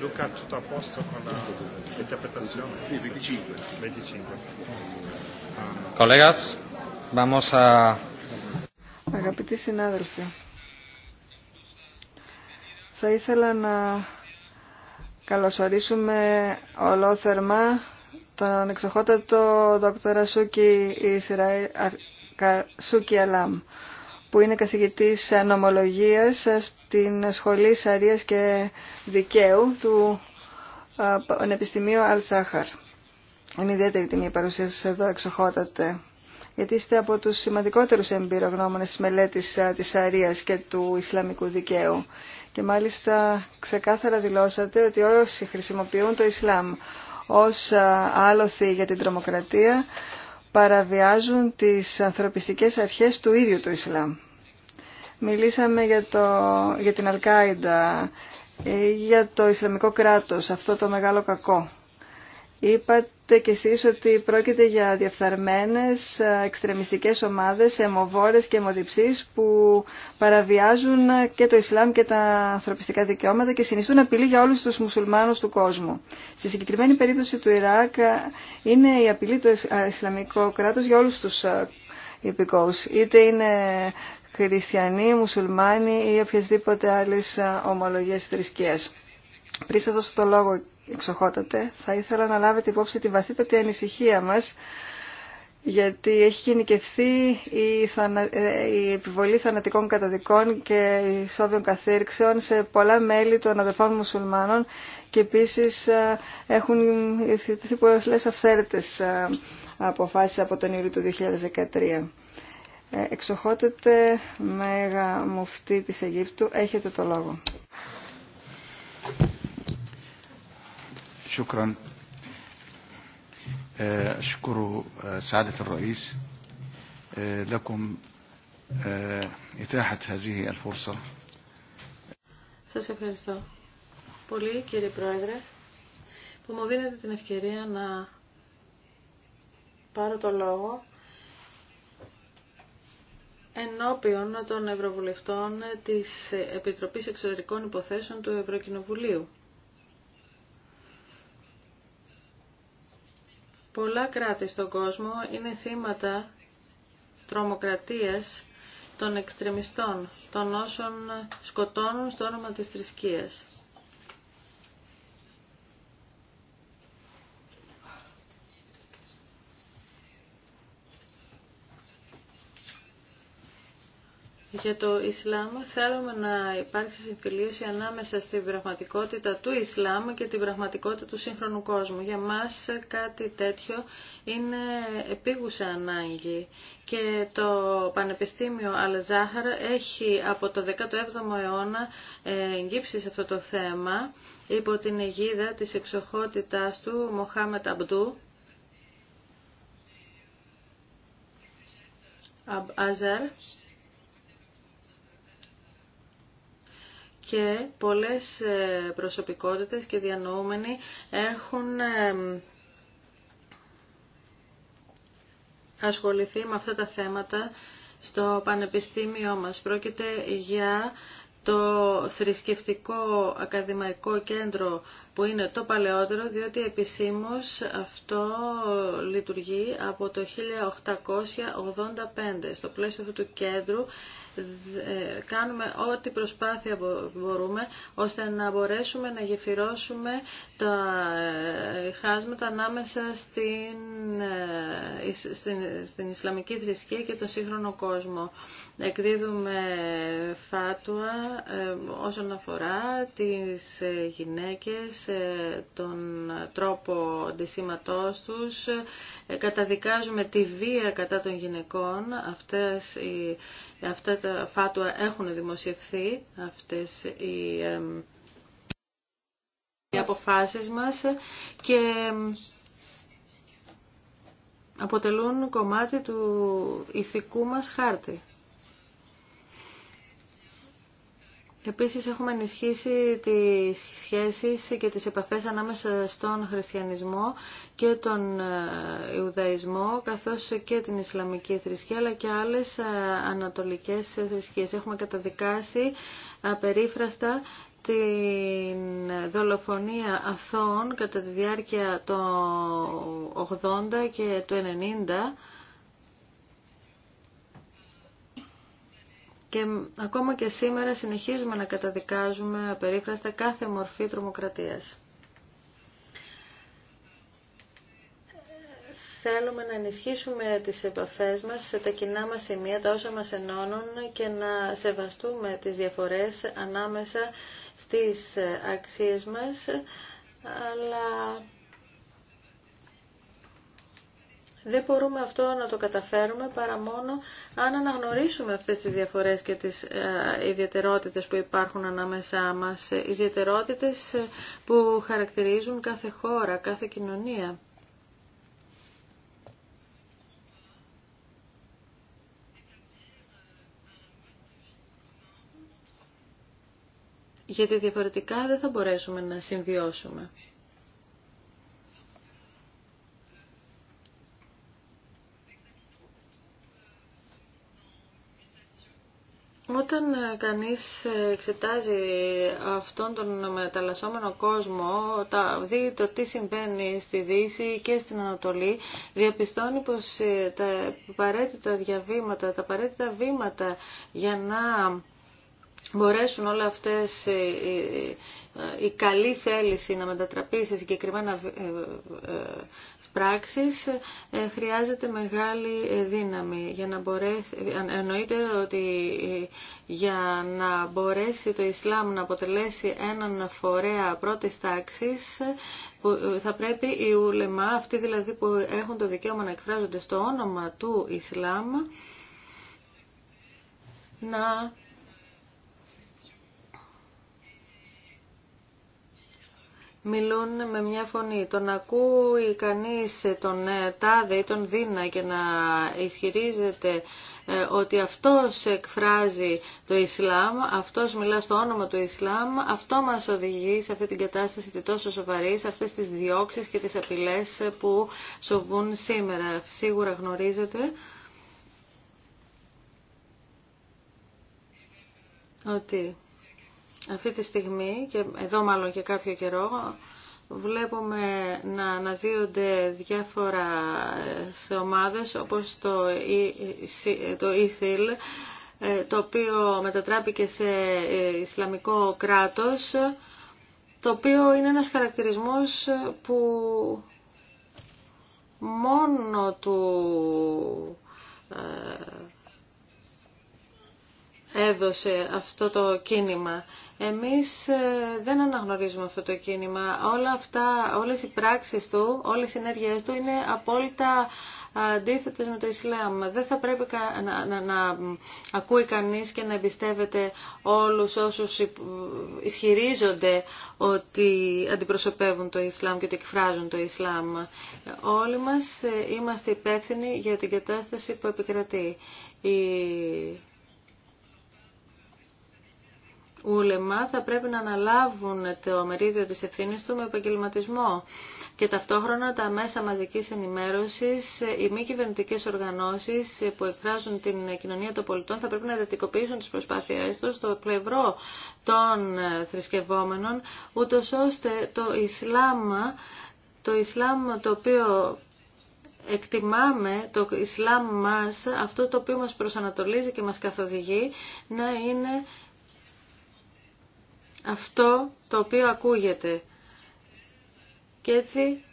Luca, ha tutto a posto con la interpretazione 25. Colegas, vamos a... Αγαπητοί συνάδελφοι, θα ήθελα να καλωσορίσουμε ολόθερμα τον εξοχότατο δόκτωρα Σούκη Ισραήλ Σούκη Αλάμ που είναι καθηγητής νομολογίας στην Σχολή Σαρίας και Δικαίου του Πανεπιστημίου Αλτσάχαρ. Είναι ιδιαίτερη τιμή η παρουσία σας εδώ, εξοχότατε, γιατί είστε από τους σημαντικότερους εμπειρογνώμονες της μελέτης της Σαρίας και του Ισλαμικού Δικαίου. Και μάλιστα ξεκάθαρα δηλώσατε ότι όσοι χρησιμοποιούν το Ισλάμ ως άλοθη για την τρομοκρατία παραβιάζουν τις ανθρωπιστικές αρχές του ίδιου του Ισλάμ. Μιλήσαμε για, το, για την Αλκάιντα, ε, για το Ισλαμικό κράτος, αυτό το μεγάλο κακό. Είπατε... Είπατε και εσείς ότι πρόκειται για διαφθαρμένες ε, εξτρεμιστικές ομάδες, αιμοβόρες και αιμοδιψείς που παραβιάζουν και το Ισλάμ και τα ανθρωπιστικά δικαιώματα και συνιστούν απειλή για όλους τους μουσουλμάνους του κόσμου. Στη συγκεκριμένη περίπτωση του Ιράκ ε, είναι η απειλή του Ισλαμικού κράτους για όλους τους ε, υπηκόους. Είτε είναι χριστιανοί, μουσουλμάνοι ή οποιασδήποτε άλλες ομολογίες θρησκείας. Πριν σας δώσω το λόγο εξοχότατε, θα ήθελα να λάβετε υπόψη τη βαθύτατη ανησυχία μας γιατί έχει γενικευθεί η, ε, η επιβολή θανατικών καταδικών και ισόβιων καθήρξεων σε πολλά μέλη των αδερφών μουσουλμάνων και επίσης ε, έχουν υιοθετηθεί πολλές αυθαίρετες ε, αποφάσεις από τον Ιούλιο του 2013. Εξοχότατε, Μέγα Μουφτή της Αιγύπτου, έχετε το λόγο. شكرا Σας ευχαριστώ πολύ κύριε Πρόεδρε που μου δίνετε την ευκαιρία να πάρω το λόγο ενώπιον των Ευρωβουλευτών της Επιτροπής Εξωτερικών Υποθέσεων του Ευρωκοινοβουλίου. Πολλά κράτη στον κόσμο είναι θύματα τρομοκρατίας των εξτρεμιστών, των όσων σκοτώνουν στο όνομα της θρησκείας. για το Ισλάμ θέλουμε να υπάρξει συμφιλίωση ανάμεσα στην πραγματικότητα του Ισλάμ και την πραγματικότητα του σύγχρονου κόσμου. Για μας κάτι τέτοιο είναι επίγουσα ανάγκη και το Πανεπιστήμιο Αλ-Ζάχαρ έχει από το 17ο αιώνα ε, εγγύψει σε αυτό το θέμα υπό την αιγίδα της εξοχότητάς του Μοχάμετ Αμπτού Αζέρ και πολλές ε, προσωπικότητες και διανοούμενοι έχουν ε, ασχοληθεί με αυτά τα θέματα στο πανεπιστήμιό μας. Πρόκειται για το θρησκευτικό ακαδημαϊκό κέντρο που είναι το παλαιότερο, διότι επισήμως αυτό λειτουργεί από το 1885. Στο πλαίσιο αυτού του κέντρου κάνουμε ό,τι προσπάθεια μπορούμε ώστε να μπορέσουμε να γεφυρώσουμε τα ε, χάσματα ανάμεσα στην, ε, στην, στην Ισλαμική θρησκεία και τον σύγχρονο κόσμο. Εκδίδουμε φάτουα ε, όσον αφορά τις γυναίκες, τον τρόπο ντυσίματός τους. Καταδικάζουμε τη βία κατά των γυναικών. Αυτές οι Αυτά τα φάτουα έχουν δημοσιευθεί, αυτές οι, οι αποφάσεις μας και αποτελούν κομμάτι του ηθικού μας χάρτη. Επίσης έχουμε ενισχύσει τις σχέσεις και τις επαφές ανάμεσα στον χριστιανισμό και τον ε, Ιουδαϊσμό καθώς και την Ισλαμική θρησκεία αλλά και άλλες ε, ανατολικές θρησκείες. Έχουμε καταδικάσει απερίφραστα την δολοφονία αθώων κατά τη διάρκεια των 80 και του 90 και ακόμα και σήμερα συνεχίζουμε να καταδικάζουμε απερίφραστα κάθε μορφή τρομοκρατίας. θέλουμε να ενισχύσουμε τις επαφές μας σε τα κοινά μας σημεία, τα όσα μας ενώνουν και να σεβαστούμε τις διαφορές ανάμεσα στις αξίες μας, αλλά Δεν μπορούμε αυτό να το καταφέρουμε παρά μόνο αν αναγνωρίσουμε αυτές τις διαφορές και τις ε, ιδιαιτερότητες που υπάρχουν ανάμεσά μας, ιδιαιτερότητες ε, που χαρακτηρίζουν κάθε χώρα, κάθε κοινωνία. Γιατί διαφορετικά δεν θα μπορέσουμε να συμβιώσουμε. Όταν ε, κανείς ε, εξετάζει αυτόν τον μεταλλασσόμενο κόσμο, τα, δει το τι συμβαίνει στη Δύση και στην Ανατολή, διαπιστώνει πως ε, τα απαραίτητα διαβήματα, τα απαραίτητα βήματα για να μπορέσουν όλα αυτές η καλή θέληση να μετατραπεί σε συγκεκριμένα πράξεις ε, χρειάζεται μεγάλη ε, δύναμη για να μπορέσει, εννοείται ότι ε, για να μπορέσει το Ισλάμ να αποτελέσει έναν φορέα πρώτης τάξης που θα πρέπει οι ουλεμά, αυτοί δηλαδή που έχουν το δικαίωμα να εκφράζονται στο όνομα του Ισλάμ, να μιλούν με μια φωνή. Το να ακούει κανείς τον ε, Τάδε ή τον Δίνα και να ισχυρίζεται ε, ότι αυτός εκφράζει το Ισλάμ, αυτός μιλά στο όνομα του Ισλάμ, αυτό μας οδηγεί σε αυτή την κατάσταση τη τόσο σοβαρή, σε αυτές τις διώξεις και τις απειλές που σοβούν σήμερα. Σίγουρα γνωρίζετε ότι αυτή τη στιγμή, και εδώ μάλλον και κάποιο καιρό, βλέπουμε να αναδύονται διάφορα σε ομάδες όπως το, e- το ε, το οποίο μετατράπηκε σε ε, Ισλαμικό κράτος, το οποίο είναι ένας χαρακτηρισμός που μόνο του ε, έδωσε αυτό το κίνημα. Εμείς ε, δεν αναγνωρίζουμε αυτό το κίνημα. Όλα αυτά, όλες οι πράξεις του, όλες οι ενέργειές του είναι απόλυτα ε, αντίθετε με το Ισλάμ. Δεν θα πρέπει να, να, να ακούει κανείς και να εμπιστεύεται όλους όσους ισχυρίζονται ότι αντιπροσωπεύουν το Ισλάμ και ότι εκφράζουν το Ισλάμ. Όλοι μας ε, είμαστε υπεύθυνοι για την κατάσταση που επικρατεί ούλεμα θα πρέπει να αναλάβουν το μερίδιο της ευθύνης του με επαγγελματισμό και ταυτόχρονα τα μέσα μαζικής ενημέρωσης, οι μη κυβερνητικές οργανώσεις που εκφράζουν την κοινωνία των πολιτών θα πρέπει να εντατικοποιήσουν τις προσπάθειές τους στο πλευρό των θρησκευόμενων, ούτω ώστε το Ισλάμ, το Ισλάμ το οποίο εκτιμάμε το Ισλάμ μας, αυτό το οποίο μας προσανατολίζει και μας καθοδηγεί, να είναι αυτό το οποίο ακούγεται. Και έτσι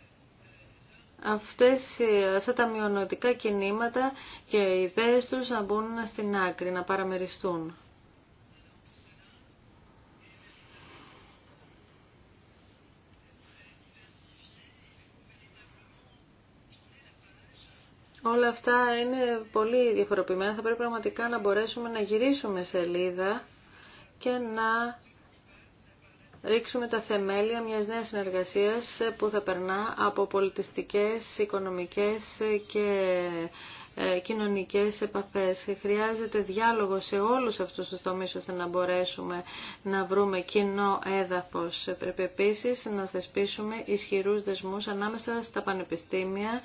αυτές, αυτά τα μειονοτικά κινήματα και οι ιδέες τους να μπουν στην άκρη, να παραμεριστούν. Όλα αυτά είναι πολύ διαφοροποιημένα. Θα πρέπει πραγματικά να μπορέσουμε να γυρίσουμε σελίδα και να ρίξουμε τα θεμέλια μιας νέας συνεργασίας που θα περνά από πολιτιστικές, οικονομικές και ε, κοινωνικές επαφές. Χρειάζεται διάλογο σε όλους αυτούς τους τομείς ώστε να μπορέσουμε να βρούμε κοινό έδαφος. Πρέπει επίσης να θεσπίσουμε ισχυρούς δεσμούς ανάμεσα στα πανεπιστήμια,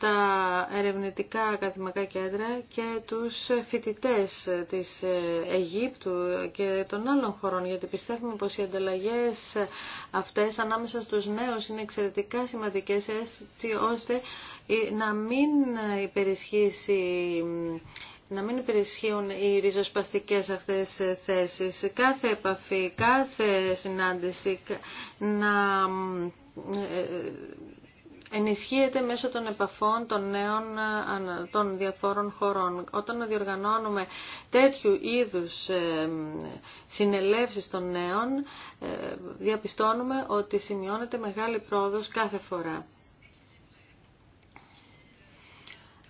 τα ερευνητικά ακαδημαϊκά κέντρα και τους φοιτητές της ε, Αιγύπτου και των άλλων χωρών, γιατί πιστεύουμε πως οι ανταλλαγές αυτές ανάμεσα στους νέους είναι εξαιρετικά σημαντικές έτσι ώστε να μην υπερισχύσει να μην υπερισχύουν οι ριζοσπαστικές αυτές θέσεις. Κάθε επαφή, κάθε συνάντηση να ε, ενισχύεται μέσω των επαφών των νέων των διαφόρων χωρών. Όταν διοργανώνουμε τέτοιου είδους συνελεύσεις των νέων, ε, διαπιστώνουμε ότι σημειώνεται μεγάλη πρόοδος κάθε φορά.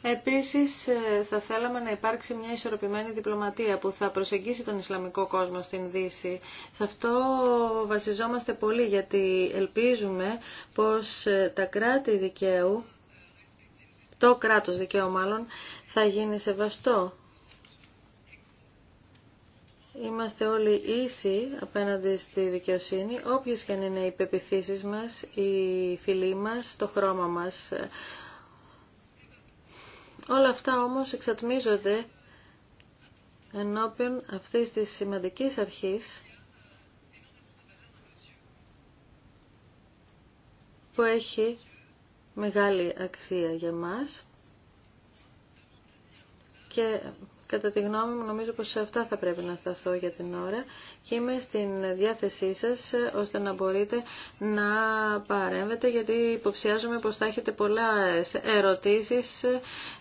Επίσης ε, θα θέλαμε να υπάρξει μια ισορροπημένη διπλωματία που θα προσεγγίσει τον Ισλαμικό κόσμο στην Δύση. Σε αυτό βασιζόμαστε πολύ γιατί ελπίζουμε πως ε, τα κράτη δικαίου, το κράτος δικαίου μάλλον, θα γίνει σεβαστό. Είμαστε όλοι ίσοι απέναντι στη δικαιοσύνη, όποιες και αν είναι οι πεπιθήσεις μας, οι φιλοί μας, το χρώμα μας. Όλα αυτά όμως εξατμίζονται ενώπιον αυτής της σημαντικής αρχής που έχει μεγάλη αξία για μας και Κατά τη γνώμη μου νομίζω πως σε αυτά θα πρέπει να σταθώ για την ώρα και είμαι στην διάθεσή σας ε, ώστε να μπορείτε να παρέμβετε γιατί υποψιάζομαι πως θα έχετε πολλά ερωτήσεις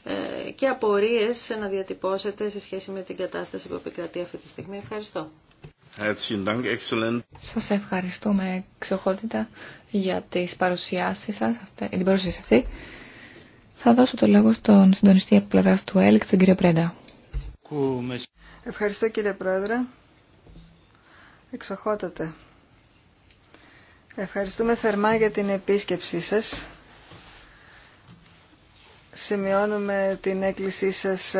ε, και απορίες να διατυπώσετε σε σχέση με την κατάσταση που επικρατεί αυτή τη στιγμή. Ευχαριστώ. Σας ευχαριστούμε εξοχότητα για τις παρουσιάσεις σας, την παρουσίαση αυτή. Θα δώσω το λόγο στον συντονιστή από πλευρά του ΕΛΚ, τον κύριο Πρέντα. Ευχαριστώ κύριε Πρόεδρε. Εξοχότατε. Ευχαριστούμε θερμά για την επίσκεψή σας. Σημειώνουμε την έκκλησή σας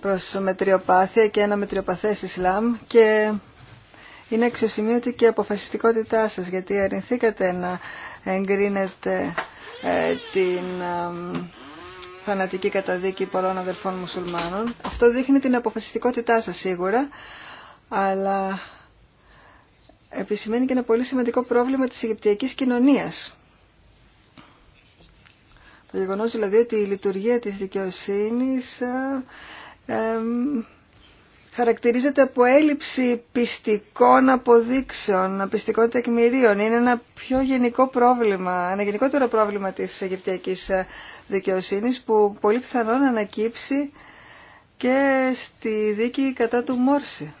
προς μετριοπάθεια και ένα μετριοπαθές Ισλάμ και είναι αξιοσημείωτη και αποφασιστικότητά σας γιατί αρνηθήκατε να εγκρίνετε ε, την θανατική καταδίκη πολλών αδερφών μουσουλμάνων. Αυτό δείχνει την αποφασιστικότητά σας σίγουρα, αλλά επισημαίνει και ένα πολύ σημαντικό πρόβλημα της Αιγυπτιακής κοινωνίας. Το γεγονός δηλαδή ότι η λειτουργία της δικαιοσύνης ε, χαρακτηρίζεται από έλλειψη πιστικών αποδείξεων, πιστικών τεκμηρίων. Είναι ένα πιο γενικό πρόβλημα, ένα γενικότερο πρόβλημα της Αιγυπτιακής ε, δικαιοσύνης που πολύ πιθανόν ανακύψει και στη δίκη κατά του Μόρση.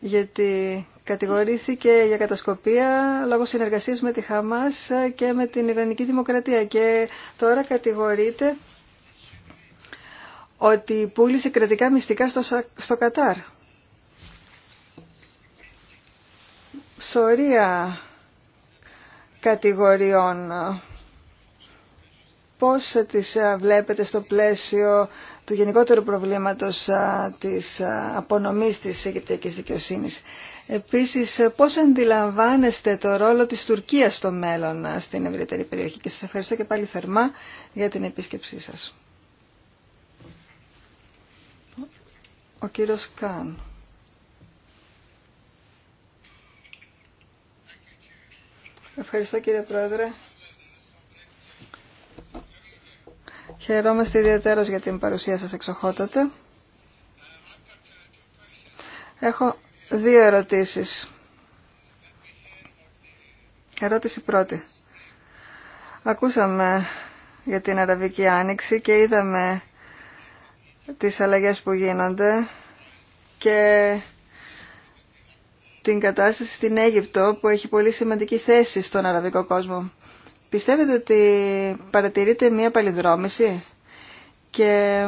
Γιατί κατηγορήθηκε για κατασκοπία λόγω συνεργασίας με τη Χαμάς και με την Ιρανική Δημοκρατία και τώρα κατηγορείται ότι πούλησε κρατικά μυστικά στο, Κατάρ. Σωρία κατηγοριών πώς τις ε, βλέπετε στο πλαίσιο του γενικότερου προβλήματος ε, της ε, απονομής της Αιγυπτιακής δικαιοσύνης. Επίσης, πώς αντιλαμβάνεστε το ρόλο της Τουρκίας στο μέλλον στην ευρύτερη περιοχή και σας ευχαριστώ και πάλι θερμά για την επίσκεψή σας. Ο κύριος Καν. Ευχαριστώ κύριε Πρόεδρε. Χαιρόμαστε ιδιαίτερως για την παρουσία σας εξοχότατε. Έχω δύο ερωτήσεις. Ερώτηση πρώτη. Ακούσαμε για την Αραβική Άνοιξη και είδαμε τις αλλαγές που γίνονται και την κατάσταση στην Αίγυπτο που έχει πολύ σημαντική θέση στον αραβικό κόσμο. Πιστεύετε ότι παρατηρείτε μία παλιδρόμηση και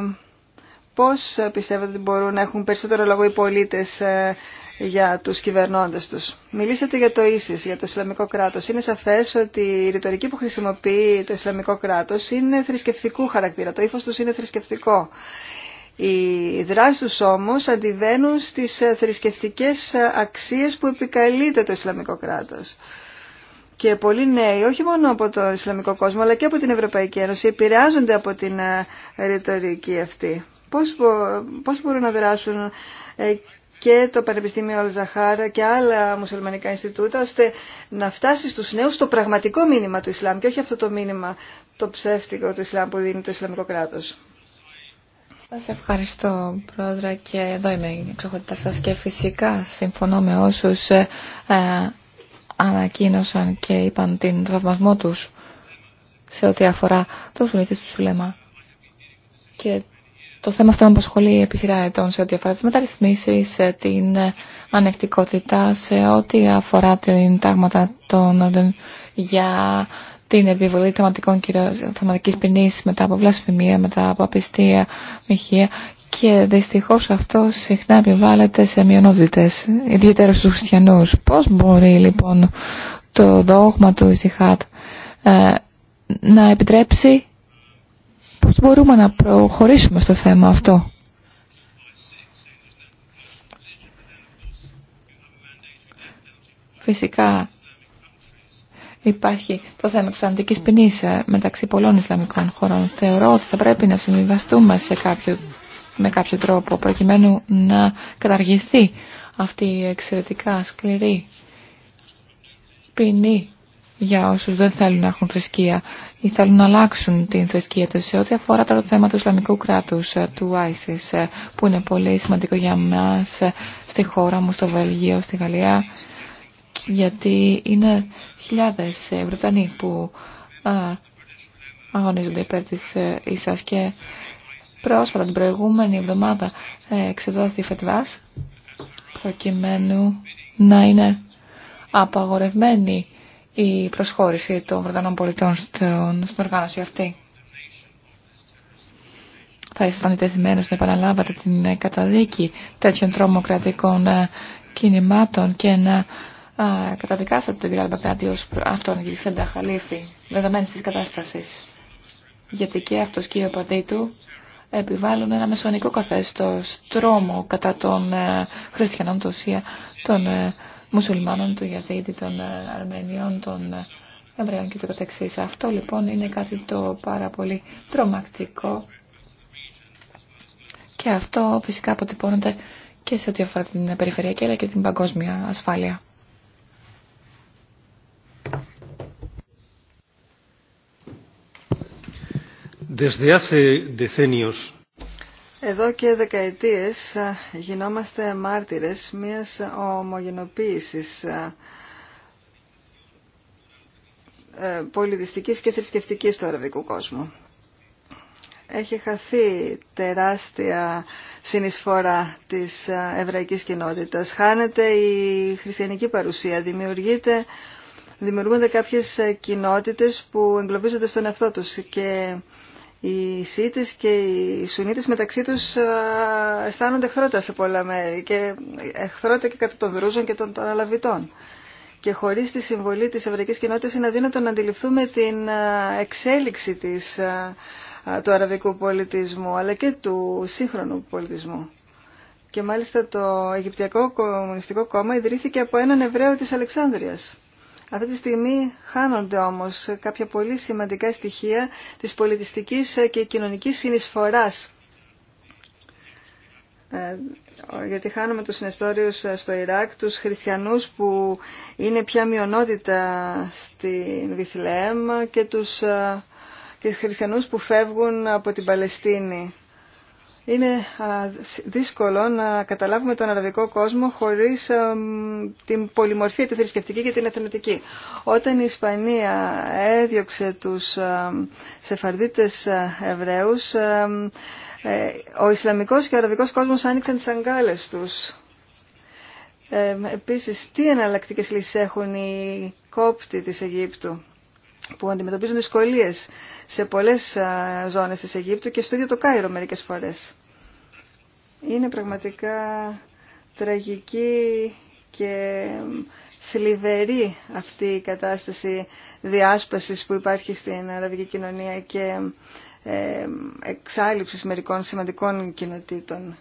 πώς πιστεύετε ότι μπορούν να έχουν περισσότερο λόγο οι πολίτες ε, για τους κυβερνώντες τους. Μιλήσατε για το ίσις, για το Ισλαμικό κράτος. Είναι σαφές ότι η ρητορική που χρησιμοποιεί το Ισλαμικό κράτος είναι θρησκευτικού χαρακτήρα. Το ύφος τους είναι θρησκευτικό. Οι δράσεις τους όμως αντιβαίνουν στις θρησκευτικές αξίες που επικαλείται το Ισλαμικό κράτος και πολλοί νέοι, όχι μόνο από το Ισλαμικό κόσμο, αλλά και από την Ευρωπαϊκή Ένωση, επηρεάζονται από την ε, ρητορική αυτή. Πώς, πώς μπορούν να δράσουν ε, και το Πανεπιστήμιο Αλζαχάρ και άλλα μουσουλμανικά Ινστιτούτα, ώστε να φτάσει στους νέους το πραγματικό μήνυμα του Ισλάμ και όχι αυτό το μήνυμα το ψεύτικο του Ισλάμ που δίνει το Ισλαμικό κράτος. Σας ευχαριστώ πρόεδρε και εδώ είμαι η εξοχότητά σας και φυσικά συμφωνώ με όσους ε, ανακοίνωσαν και είπαν την θαυμασμό τους σε ό,τι αφορά τους Σουνίτες του Σουλέμα. Και το θέμα αυτό με απασχολεί επί σειρά ετών σε ό,τι αφορά τις μεταρρυθμίσεις, την ανεκτικότητα, σε ό,τι αφορά την τάγματα των όντων για την επιβολή θεματικών θεματικής ποινής μετά από βλασφημία, μετά από απιστία, μοιχεία και δυστυχώς αυτό συχνά επιβάλλεται σε μειονότητες, ιδιαίτερα στους χριστιανούς. Πώς μπορεί λοιπόν το δόγμα του Ιστιχάτ ε, να επιτρέψει, πώς μπορούμε να προχωρήσουμε στο θέμα αυτό. Φυσικά υπάρχει το θέμα της αντικής ποινής ε, μεταξύ πολλών Ισλαμικών χωρών. Θεωρώ ότι θα πρέπει να συμβιβαστούμε σε κάποιο με κάποιο τρόπο προκειμένου να καταργηθεί αυτή η εξαιρετικά σκληρή ποινή για όσους δεν θέλουν να έχουν θρησκεία ή θέλουν να αλλάξουν την θρησκεία τους σε ό,τι αφορά το θέμα του Ισλαμικού κράτους, ε, του ISIS, ε, που είναι πολύ σημαντικό για μας ε, στη χώρα μου, στο Βελγίο, στη Γαλλία, γιατί είναι χιλιάδες Βρετανοί που αγωνίζονται υπέρ της ίσας και Πρόσφατα την προηγούμενη εβδομάδα ε, εξεδόθη η ΦΕΤΒΑΣ προκειμένου να είναι απαγορευμένη η προσχώρηση των Βρετανών πολιτών στον, στην οργάνωση αυτή. Θα ήσασταν ιτεθειμένος να επαναλάβατε την ε, καταδίκη τέτοιων τρομοκρατικών ε, κινημάτων και να α, καταδικάσατε τον κ. Μπαγκάτη ως αυτόν κ. Χαλίφη, δεδομένης της κατάστασης. Γιατί και αυτός και η οπαδή του επιβάλλουν ένα μεσονικό καθεστώς, τρόμο κατά των ε, χριστιανών, των των ε, μουσουλμάνων, του γιαζίτη, των ε, Αρμενιών, των Εβραίων και το καθεξής. Αυτό λοιπόν είναι κάτι το πάρα πολύ τρομακτικό και αυτό φυσικά αποτυπώνεται και σε ό,τι αφορά την περιφερειακή αλλά και την παγκόσμια ασφάλεια. Desde hace decenios. Εδώ και δεκαετίες ε, γινόμαστε μάρτυρες μιας ομογενοποίησης ε, ε, πολιτιστικής και θρησκευτικής του αραβικού κόσμου. Έχει χαθεί τεράστια συνεισφορά της εβραϊκής κοινότητας. Χάνεται η χριστιανική παρουσία, δημιουργείται, δημιουργούνται κάποιες κοινότητες που εγκλωβίζονται στον εαυτό τους και οι Σίτες και οι Σουνίτες μεταξύ τους αισθάνονται εχθρότητα σε πολλά μέρη και εχθρότητα και κατά των Δρούζων και των, των Αλαβητών. Και χωρίς τη συμβολή της Ευρωπαϊκής Κοινότητας είναι αδύνατο να αντιληφθούμε την εξέλιξη της, του αραβικού πολιτισμού αλλά και του σύγχρονου πολιτισμού. Και μάλιστα το Αιγυπτιακό Κομμουνιστικό Κόμμα ιδρύθηκε από έναν Εβραίο της Αλεξάνδρειας αυτή τη στιγμή χάνονται όμως κάποια πολύ σημαντικά στοιχεία της πολιτιστικής και κοινωνικής συνεισφοράς. Ε, γιατί χάνουμε τους συνεστόριους στο Ιράκ, τους χριστιανούς που είναι πια μειονότητα στην Βιθλέμ και τους ε, και χριστιανούς που φεύγουν από την Παλαιστίνη είναι δύσκολο να καταλάβουμε τον αραβικό κόσμο χωρίς την πολυμορφία, τη θρησκευτική και την εθνοτική. Όταν η Ισπανία έδιωξε τους σεφαρδίτες ε, Εβραίους, ε, ο Ισλαμικός και ο αραβικός κόσμος άνοιξαν τις αγκάλες τους. Επίσης, τι εναλλακτικές λύσεις έχουν οι κόπτοι της Αιγύπτου που αντιμετωπίζουν δυσκολίε σε πολλές ζώνες τη Αιγύπτου και στο ίδιο το Κάιρο μερικές φορές. Είναι πραγματικά τραγική και θλιβερή αυτή η κατάσταση διάσπασης που υπάρχει στην αραβική κοινωνία και ε, εξάλληψης μερικών σημαντικών κοινοτήτων,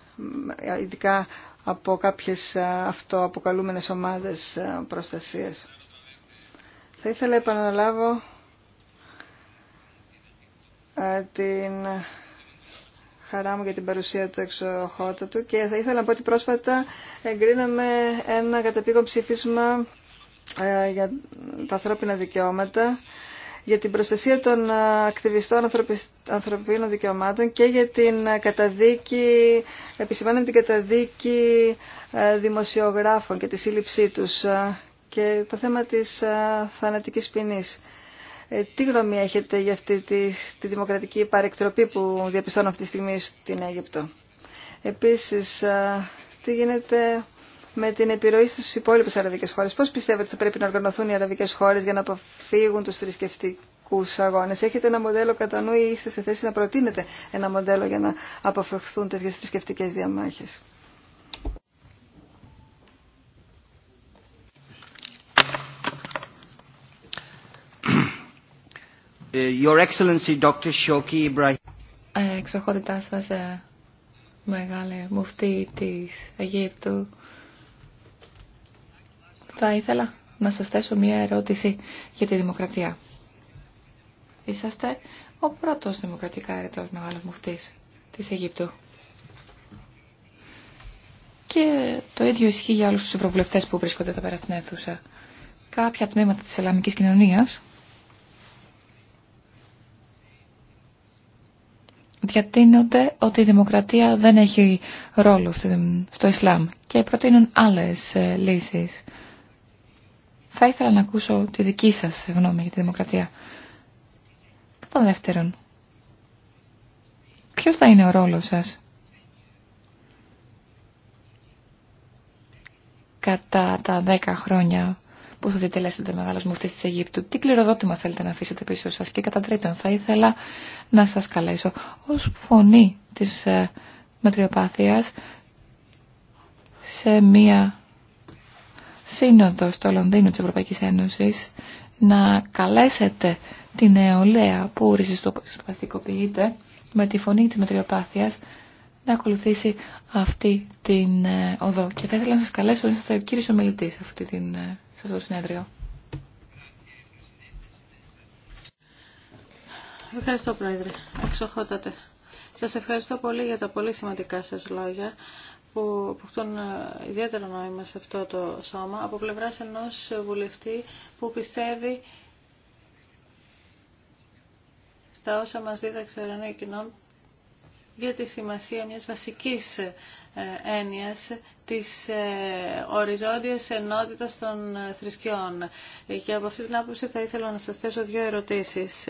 ειδικά από κάποιες αυτοαποκαλούμενες ομάδες προστασίας. Θα ήθελα επαναλάβω την χαρά μου για την παρουσία του του και θα ήθελα να πω ότι πρόσφατα εγκρίναμε ένα καταπήγον ψήφισμα ε, για τα ανθρώπινα δικαιώματα για την προστασία των ε, ακτιβιστών ανθρωπίνων δικαιωμάτων και για την ε, καταδίκη, επισημάνεται την καταδίκη δημοσιογράφων και τη σύλληψή τους και το θέμα της θανατικής ποινής. Ε, τι γνώμη έχετε για αυτή τη, τη δημοκρατική παρεκτροπή που διαπιστώνω αυτή τη στιγμή στην Αίγυπτο. Επίσης, τι γίνεται με την επιρροή στις υπόλοιπες αραβικές χώρες. Πώς πιστεύετε θα πρέπει να οργανωθούν οι αραβικές χώρες για να αποφύγουν τους θρησκευτικού αγώνες. Έχετε ένα μοντέλο κατά νου ή είστε σε θέση να προτείνετε ένα μοντέλο για να αποφευχθούν τέτοιες θρησκευτικέ διαμάχες. Ε, Your Excellency ε, Εξοχότητά σας, ε, μεγάλη μουφτή της Αιγύπτου. Θα ήθελα να σας θέσω μια ερώτηση για τη δημοκρατία. Είσαστε ο πρώτος δημοκρατικά αιρετός μεγάλος μουφτής της Αιγύπτου. Και το ίδιο ισχύει για όλους τους ευρωβουλευτές που βρίσκονται εδώ πέρα στην αίθουσα. Κάποια τμήματα της ελλαμικής κοινωνίας διατείνονται ότι η δημοκρατία δεν έχει ρόλο στο Ισλάμ και προτείνουν άλλες ε, λύσεις. Θα ήθελα να ακούσω τη δική σας γνώμη για τη δημοκρατία. Κατά δεύτερον, ποιος θα είναι ο ρόλος σας κατά τα δέκα χρόνια που θα διτελέσετε μεγάλο μουφτή τη Αιγύπτου. Τι κληροδότημα θέλετε να αφήσετε πίσω σα. Και κατά τρίτον, θα ήθελα να σα καλέσω ω φωνή τη ε, μετριοπάθεια σε μία σύνοδο στο Λονδίνο της Ευρωπαϊκής Ένωσης να καλέσετε την νεολαία που ριζοσπαστικοποιείται με τη φωνή της μετριοπάθειας να ακολουθήσει αυτή την ε, οδό. Και θα ήθελα να σας καλέσω να είστε κύριος ομιλητής αυτή την, ε, σε αυτό το συνέδριο. Ευχαριστώ Πρόεδρε. Εξοχότατε. Σας ευχαριστώ πολύ για τα πολύ σημαντικά σας λόγια που έχουν ε, ιδιαίτερο νόημα σε αυτό το σώμα από πλευράς ενός βουλευτή που πιστεύει στα όσα μας δίδαξε ο για τη σημασία μιας βασικής ε, έννοιας της ε, οριζόντιας ενότητας των ε, θρησκειών. Και από αυτή την άποψη θα ήθελα να σας θέσω δύο ερωτήσεις.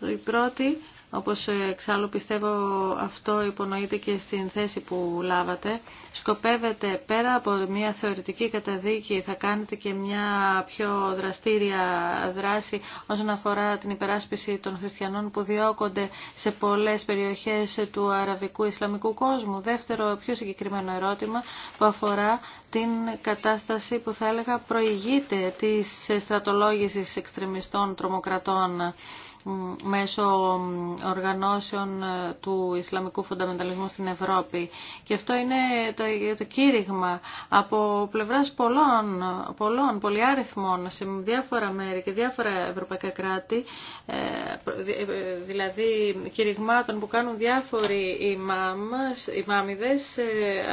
Η πρώτη όπως ε, εξάλλου πιστεύω αυτό υπονοείται και στην θέση που λάβατε, σκοπεύετε πέρα από μια θεωρητική καταδίκη, θα κάνετε και μια πιο δραστήρια δράση όσον αφορά την υπεράσπιση των χριστιανών που διώκονται σε πολλές περιοχές του αραβικού ισλαμικού κόσμου. Δεύτερο πιο συγκεκριμένο ερώτημα που αφορά την κατάσταση που θα έλεγα προηγείται της στρατολόγησης εξτρεμιστών τρομοκρατών μέσω οργανώσεων ε, του Ισλαμικού Φονταμενταλισμού στην Ευρώπη. Και αυτό είναι το, το κήρυγμα από πλευράς πολλών, πολλών πολυάριθμων σε διάφορα μέρη και διάφορα ευρωπαϊκά κράτη, ε, ε, δηλαδή κηρυγμάτων που κάνουν διάφοροι ημάμας, ημάμιδες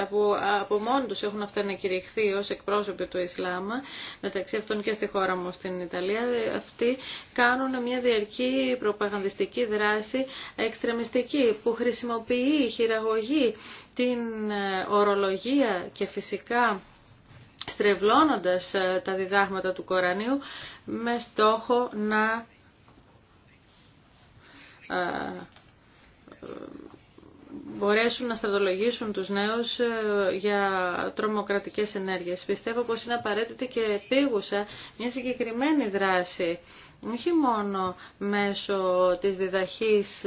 που από μόνοι τους έχουν αυτά να κηρυχθεί ως εκπρόσωποι του Ισλάμα, μεταξύ αυτών και στη χώρα μου στην Ιταλία, αυτοί κάνουν μια διαρκή προπαγανδιστική δράση εξτρεμιστική που χρησιμοποιεί, χειραγωγεί την ε, ορολογία και φυσικά στρεβλώνοντας ε, τα διδάγματα του Κορανίου με στόχο να ε, μπορέσουν να στρατολογήσουν τους νέους για τρομοκρατικές ενέργειες. Πιστεύω πως είναι απαραίτητη και επίγουσα μια συγκεκριμένη δράση όχι μόνο μέσω της διδαχής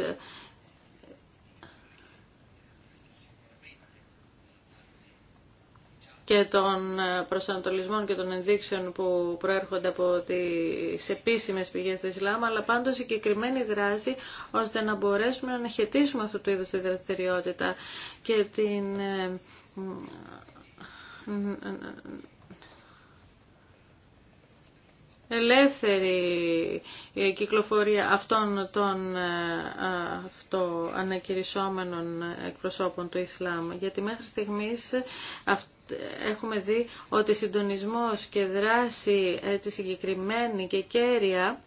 και των προσανατολισμών και των ενδείξεων που προέρχονται από τις επίσημες πηγές του Ισλάμ, αλλά πάντως συγκεκριμένη δράση ώστε να μπορέσουμε να αναχαιτήσουμε αυτού του είδους τη δραστηριότητα και την ε, ε, ε, ελεύθερη ε, κυκλοφορία αυτών των ε, ε, αυτό, ανακηρυσσόμενων εκπροσώπων του Ισλάμ. Γιατί μέχρι στιγμής έχουμε δει ότι συντονισμός και δράση έτσι συγκεκριμένη και κέρια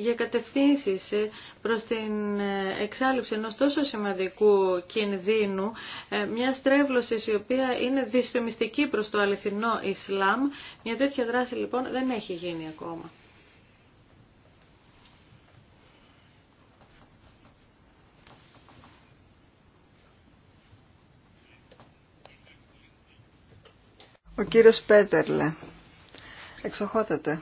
για κατευθύνσεις ε, προς την ε, εξάλληψη ενός τόσο σημαντικού κινδύνου, ε, μια στρέβλωση η οποία είναι δυσφημιστική προς το αληθινό Ισλάμ. Μια τέτοια δράση λοιπόν δεν έχει γίνει ακόμα. Ο κύριος Πέτερλε. Εξοχότατε.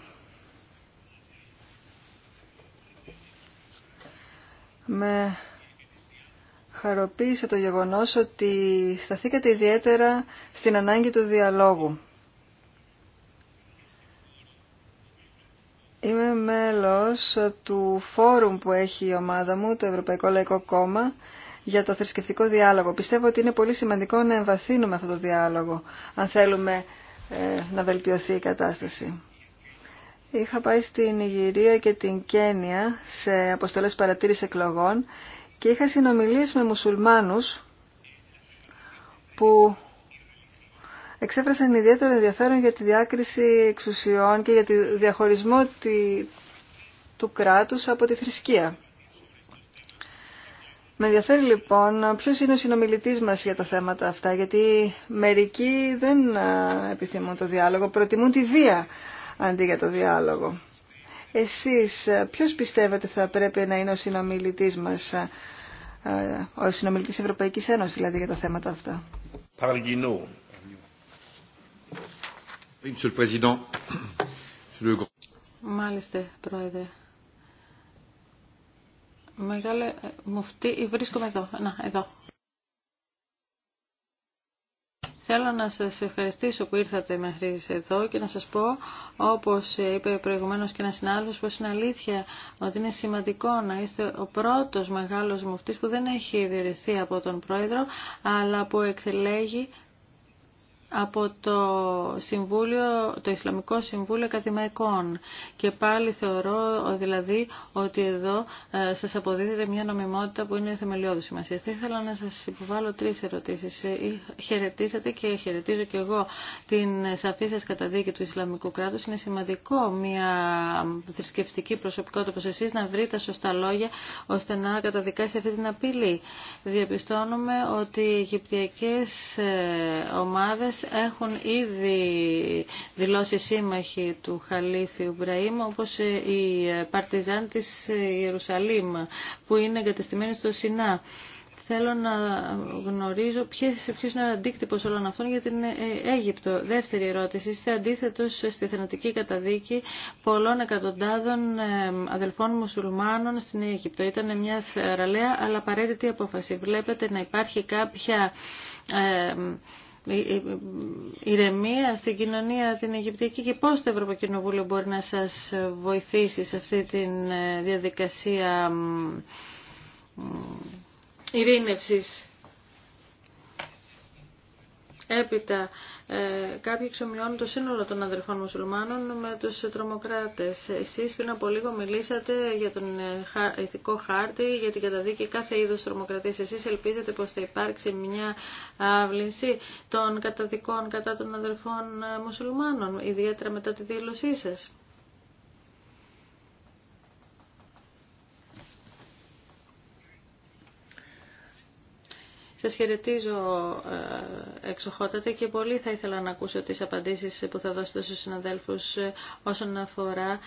με χαροποίησε το γεγονός ότι σταθήκατε ιδιαίτερα στην ανάγκη του διαλόγου. Είμαι μέλος του φόρουμ που έχει η ομάδα μου, το Ευρωπαϊκό Λαϊκό Κόμμα, για το θρησκευτικό διάλογο. Πιστεύω ότι είναι πολύ σημαντικό να εμβαθύνουμε αυτό το διάλογο, αν θέλουμε ε, να βελτιωθεί η κατάσταση. Είχα πάει στην Ιγυρία και την Κένια σε αποστολές παρατήρηση εκλογών και είχα συνομιλίες με μουσουλμάνους που εξέφρασαν ιδιαίτερο ενδιαφέρον για τη διάκριση εξουσιών και για τη διαχωρισμό του κράτους από τη θρησκεία. Με ενδιαφέρει λοιπόν ποιος είναι ο συνομιλητής μας για τα θέματα αυτά, γιατί μερικοί δεν επιθυμούν το διάλογο, προτιμούν τη βία αντί για το διάλογο. Εσείς ποιος πιστεύετε θα πρέπει να είναι ο συνομιλητής μας, ο συνομιλητής Ευρωπαϊκής Ένωσης δηλαδή για τα θέματα αυτά. Μάλιστα, Πρόεδρε. Μεγάλε ε, μουφτή, ε, βρίσκομαι εδώ. Να, εδώ. Θέλω να σας ευχαριστήσω που ήρθατε μέχρι εδώ και να σας πω, όπως είπε προηγουμένως και ένα συνάδελφος, πως είναι αλήθεια ότι είναι σημαντικό να είστε ο πρώτος μεγάλος μουφτής που δεν έχει διοριστεί από τον πρόεδρο, αλλά που εξελέγει από το, Συμβούλιο, το Ισλαμικό Συμβούλιο Ακαδημαϊκών. Και πάλι θεωρώ δηλαδή ότι εδώ ε, σας αποδίδεται μια νομιμότητα που είναι θεμελιώδη σημασία. Θα ήθελα να σας υποβάλω τρεις ερωτήσεις. Ε, χαιρετήσατε και χαιρετίζω και εγώ την σαφή σας καταδίκη του Ισλαμικού κράτους. Είναι σημαντικό μια θρησκευτική προσωπικότητα όπως εσείς να βρει τα σωστά λόγια ώστε να καταδικάσει αυτή την απειλή. Διαπιστώνουμε ότι οι Αιγυπτιακές ε, ομάδες έχουν ήδη δηλώσει σύμμαχοι του Χαλίφη Ουμπραήμ όπως η Παρτιζάν της Ιερουσαλήμ που είναι εγκατεστημένη στο Σινά. Θέλω να γνωρίζω ποιος, ποιος είναι ο αντίκτυπος όλων αυτών για την ε, Αίγυπτο. Δεύτερη ερώτηση. Είστε αντίθετος στη θενατική καταδίκη πολλών εκατοντάδων ε, αδελφών μουσουλμάνων στην Αίγυπτο. Ήταν μια θεραλέα αλλά απαραίτητη απόφαση. Βλέπετε να υπάρχει κάποια ε, ηρεμία στην κοινωνία την Αιγυπτιακή και πώς το Ευρωπαϊκό μπορεί να σας βοηθήσει σε αυτή τη ε, διαδικασία ειρήνευσης Έπειτα, ε, κάποιοι εξομοιώνουν το σύνολο των αδερφών μουσουλμάνων με τους τρομοκράτες. Εσείς πριν από λίγο μιλήσατε για τον ε, ηθικό χάρτη, για την καταδίκη κάθε είδους τρομοκρατή. Εσείς ελπίζετε πως θα υπάρξει μια αύληνση των καταδικών κατά των αδερφών ε, μουσουλμάνων, ιδιαίτερα μετά τη δήλωσή σας. Σας χαιρετίζω ε, εξοχότατε και πολύ θα ήθελα να ακούσω τις απαντήσεις που θα δώσετε στους συναδέλφους ε, όσον αφορά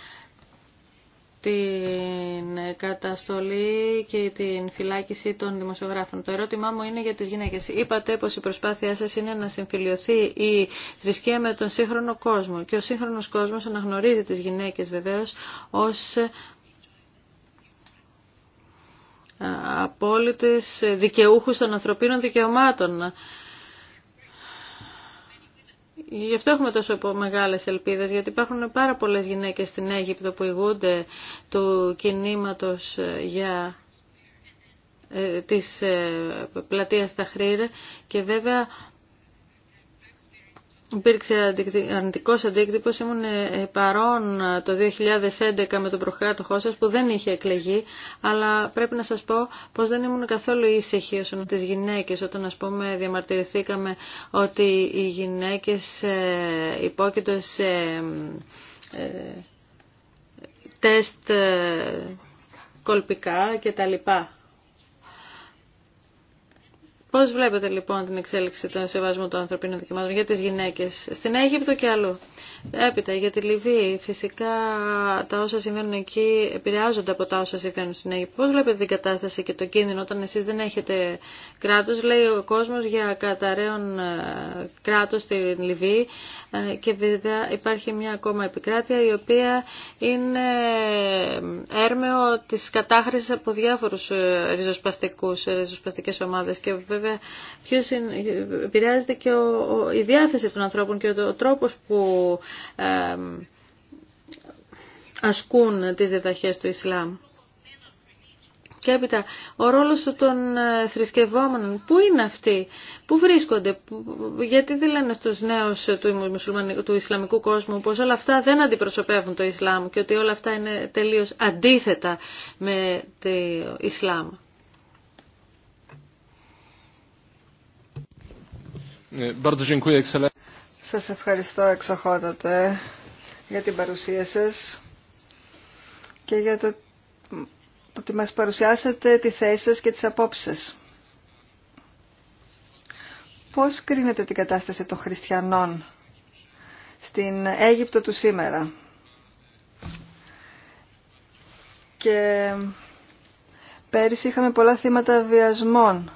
την καταστολή και την φυλάκιση των δημοσιογράφων. Το ερώτημά μου είναι για τις γυναίκες. Είπατε πως η προσπάθειά σας είναι να συμφιλειωθεί η θρησκεία με τον σύγχρονο κόσμο και ο σύγχρονος κόσμος αναγνωρίζει τις γυναίκες βεβαίως ως απόλυτες δικαιούχους των ανθρωπίνων δικαιωμάτων. Γι' αυτό έχουμε τόσο μεγάλες ελπίδες, γιατί υπάρχουν πάρα πολλές γυναίκες στην Αίγυπτο που ηγούνται του κινήματος ε, για ε, της ε, πλατείας Ταχρήρ και βέβαια Υπήρξε αρνητικό αντίκτυπο. Ήμουν ε, παρόν ε, το 2011 με τον προκράτοχό σα που δεν είχε εκλεγεί, αλλά πρέπει να σα πω πω δεν ήμουν καθόλου ήσυχη όσον τι γυναίκε, όταν α πούμε διαμαρτυρηθήκαμε ότι οι γυναίκε ε, υπόκειτο σε τεστ κολπικά κτλ. Πώς βλέπετε λοιπόν την εξέλιξη των σεβασμού των ανθρωπίνων δικαιωμάτων για τις γυναίκες στην Αίγυπτο και αλλού. Έπειτα για τη Λιβύη φυσικά τα όσα συμβαίνουν εκεί επηρεάζονται από τα όσα συμβαίνουν στην Αίγυπτο. Πώς βλέπετε την κατάσταση και το κίνδυνο όταν εσείς δεν έχετε κράτος, λέει ο κόσμος για καταραίων ε, κράτος στην Λιβύη ε, και βέβαια υπάρχει μια ακόμα επικράτεια η οποία είναι ε, έρμεο της κατάχρησης από διάφορους ριζοσπαστικού ριζοσπαστικέ ομάδες και βέβαια ποιος είναι, επηρεάζεται και ο, η διάθεση των ανθρώπων και ο, ο τρόπος που ασκούν τις διαταχές του Ισλάμ. Και έπειτα, ο ρόλος των ε, θρησκευόμενων, πού είναι αυτοί, πού βρίσκονται, γιατί δεν λένε στους νέους του, του Ισλαμικού κόσμου πως όλα αυτά δεν αντιπροσωπεύουν το Ισλάμ και ότι όλα αυτά είναι τελείως αντίθετα με το Ισλάμ. Σας ευχαριστώ εξοχότατε για την παρουσία σα, και για το, το ότι μας παρουσιάσατε τη θέση σα και τις απόψεις σας. Πώς κρίνετε την κατάσταση των χριστιανών στην Αίγυπτο του σήμερα και πέρυσι είχαμε πολλά θύματα βιασμών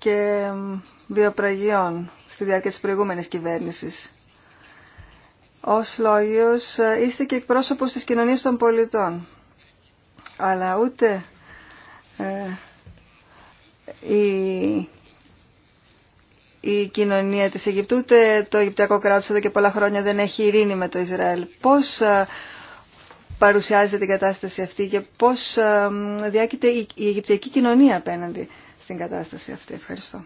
και βιοπραγιών στη διάρκεια της προηγούμενης κυβέρνησης. Ω λόγιος ε, είστε και εκπρόσωπος της κοινωνίας των πολιτών. Αλλά ούτε ε, η, η κοινωνία της Αιγυπτού, ούτε το Αιγυπτιακό κράτος εδώ και πολλά χρόνια δεν έχει ειρήνη με το Ισραήλ. Πώς ε, παρουσιάζεται την κατάσταση αυτή και πώς διάκειται η, η Αιγυπτιακή κοινωνία απέναντι στην κατάσταση αυτή. Ευχαριστώ.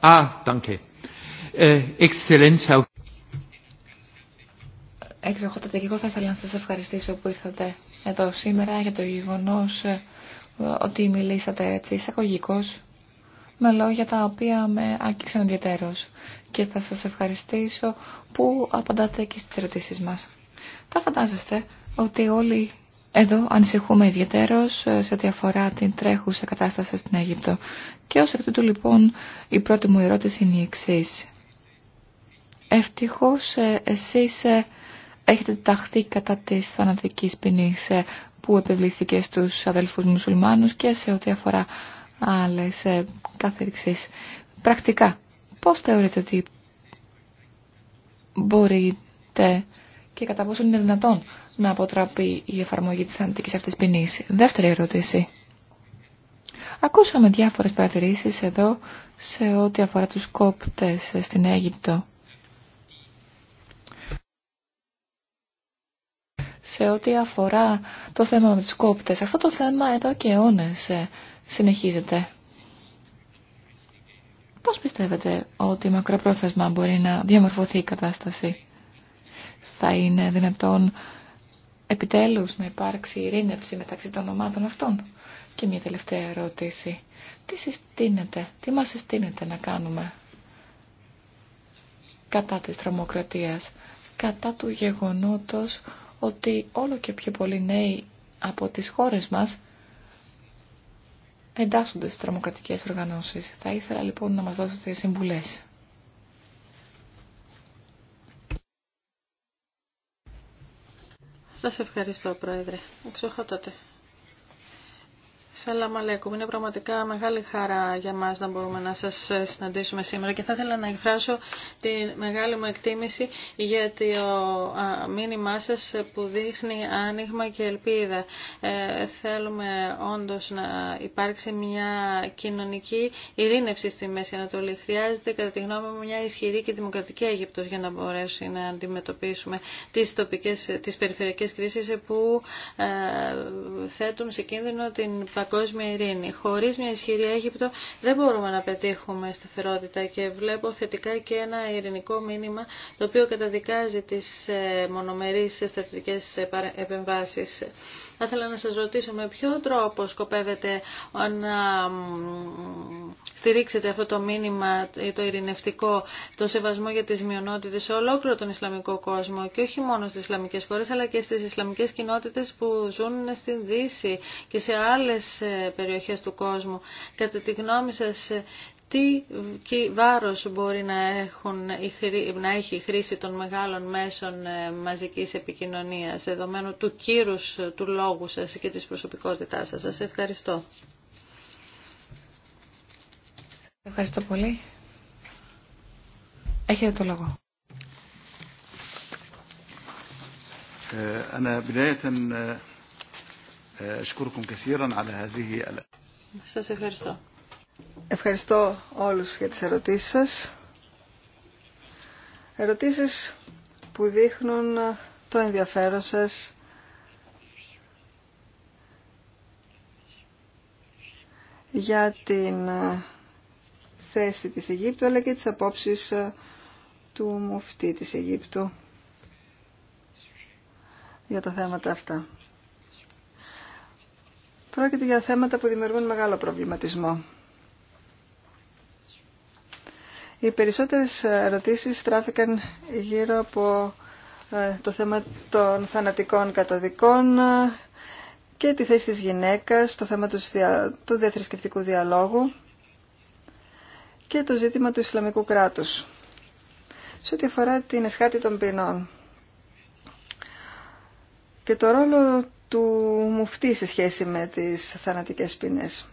Ah, danke. Εξοχότατε και εγώ θα ήθελα να σας ευχαριστήσω που ήρθατε εδώ σήμερα για το γεγονός ε, ότι μιλήσατε έτσι εισαγωγικώς με λόγια τα οποία με άκηξαν ιδιαίτερως και θα σας ευχαριστήσω που απαντάτε και στις ερωτήσεις μας. Θα φαντάζεστε ότι όλοι εδώ ανησυχούμε ιδιαίτερως ε, σε ό,τι αφορά την τρέχουσα κατάσταση στην Αίγυπτο. Και ως εκ τούτου λοιπόν η πρώτη μου ερώτηση είναι η εξή. Ευτυχώς ε, εσείς ε, έχετε ταχθεί κατά της θανατικής ποινής που επιβλήθηκε στους αδελφούς μουσουλμάνους και σε ό,τι αφορά Άλλε ε, καθεξής. Πρακτικά, πώς θεωρείτε ότι μπορείτε και κατά πόσο είναι δυνατόν να αποτραπεί η εφαρμογή της θανατικής αυτής ποινής. Δεύτερη ερώτηση. Ακούσαμε διάφορες παρατηρήσεις εδώ σε ό,τι αφορά τους κόπτες στην Αίγυπτο. Σε ό,τι αφορά το θέμα με τους κόπτες, αυτό το θέμα εδώ και αιώνες ε, συνεχίζεται. Πώς πιστεύετε ότι μακροπρόθεσμα μπορεί να διαμορφωθεί η κατάσταση. Θα είναι δυνατόν επιτέλους να υπάρξει ειρήνευση μεταξύ των ομάδων αυτών. Και μια τελευταία ερώτηση. Τι συστήνετε, τι μας συστήνετε να κάνουμε κατά της τρομοκρατίας, κατά του γεγονότος ότι όλο και πιο πολλοί νέοι από τις χώρες μας εντάσσονται στις τρομοκρατικές οργανώσεις. Θα ήθελα λοιπόν να μας δώσετε συμβουλές. Σας ευχαριστώ, Πρόεδρε. Εξοχότατε. Σαλάμα Είναι πραγματικά μεγάλη χαρά για μας να μπορούμε να σας συναντήσουμε σήμερα και θα ήθελα να εκφράσω τη μεγάλη μου εκτίμηση για το μήνυμά σας που δείχνει άνοιγμα και ελπίδα. Ε, θέλουμε όντως να υπάρξει μια κοινωνική ειρήνευση στη Μέση Ανατολή. Χρειάζεται κατά τη γνώμη μου μια ισχυρή και δημοκρατική Αίγυπτος για να μπορέσει να αντιμετωπίσουμε τις, τοπικές, τις περιφερειακές κρίσεις που ε, θέτουν σε κίνδυνο την παγκόσμια ειρήνη. Χωρίς μια ισχυρή Αίγυπτο δεν μπορούμε να πετύχουμε σταθερότητα και βλέπω θετικά και ένα ειρηνικό μήνυμα το οποίο καταδικάζει τις ε, μονομερείς στρατιωτικέ ε, επεμβάσεις. Θα ήθελα να σας ρωτήσω με ποιο τρόπο σκοπεύετε να στηρίξετε αυτό το μήνυμα, το ειρηνευτικό, το σεβασμό για τις μειονότητες σε ολόκληρο τον Ισλαμικό κόσμο και όχι μόνο στις Ισλαμικές χώρες αλλά και στις Ισλαμικές κοινότητες που ζουν στην Δύση και σε άλλες ε, περιοχές του κόσμου. Κατά τη γνώμη σας, τι βάρος μπορεί να, έχουν, έχει η χρήση των μεγάλων μέσων ε, μαζικής επικοινωνίας, δεδομένου του κύρους ε, του λόγου σας και της προσωπικότητάς σας. Σας ευχαριστώ. Ευχαριστώ πολύ. Έχετε το λόγο. Ε, σας ευχαριστώ. Ευχαριστώ όλους για τις ερωτήσεις σας. Ερωτήσεις που δείχνουν το ενδιαφέρον σας για την ε, θέση της Αιγύπτου αλλά και τις απόψεις ε, του μουφτή της Αιγύπτου για τα θέματα αυτά. Πρόκειται για θέματα που δημιουργούν μεγάλο προβληματισμό. Οι περισσότερες ερωτήσεις στράφηκαν γύρω από ε, το θέμα των θανατικών καταδικών ε, και τη θέση της γυναίκας, το θέμα του διαθρησκευτικού διαλόγου και το ζήτημα του Ισλαμικού κράτους. Σε ό,τι αφορά την εσχάτη των ποινών και το ρόλο του μουφτή σε σχέση με τις θανατικές ποινές.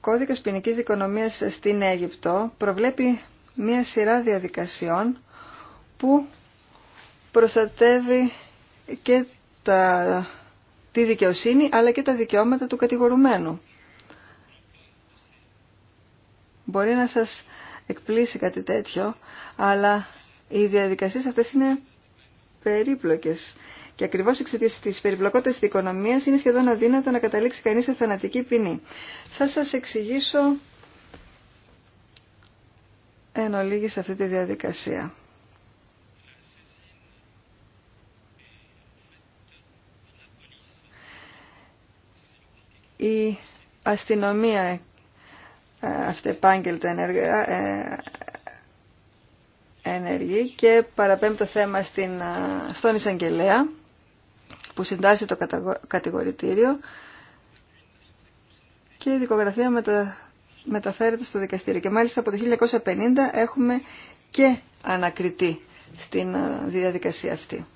κώδικας ποινικής δικονομίας στην Αίγυπτο προβλέπει μία σειρά διαδικασιών που προστατεύει και τα, τη δικαιοσύνη αλλά και τα δικαιώματα του κατηγορουμένου. Μπορεί να σας εκπλήσει κάτι τέτοιο, αλλά οι διαδικασίες αυτές είναι περίπλοκες και ακριβώς εξαιτία τη περιπλοκότητα της οικονομία είναι σχεδόν αδύνατο να καταλήξει κανεί σε θανατική ποινή. Θα σας εξηγήσω εν ολίγη σε αυτή τη διαδικασία. Η αστυνομία ε, αυτεπάγγελτα ενεργεί ε, ε, ενεργή και παραπέμπει το θέμα στην, στον εισαγγελέα που συντάσσει το κατηγορητήριο και η δικογραφία μεταφέρεται στο δικαστήριο. Και μάλιστα από το 1950 έχουμε και ανακριτή στην ε, διαδικασία αυτή.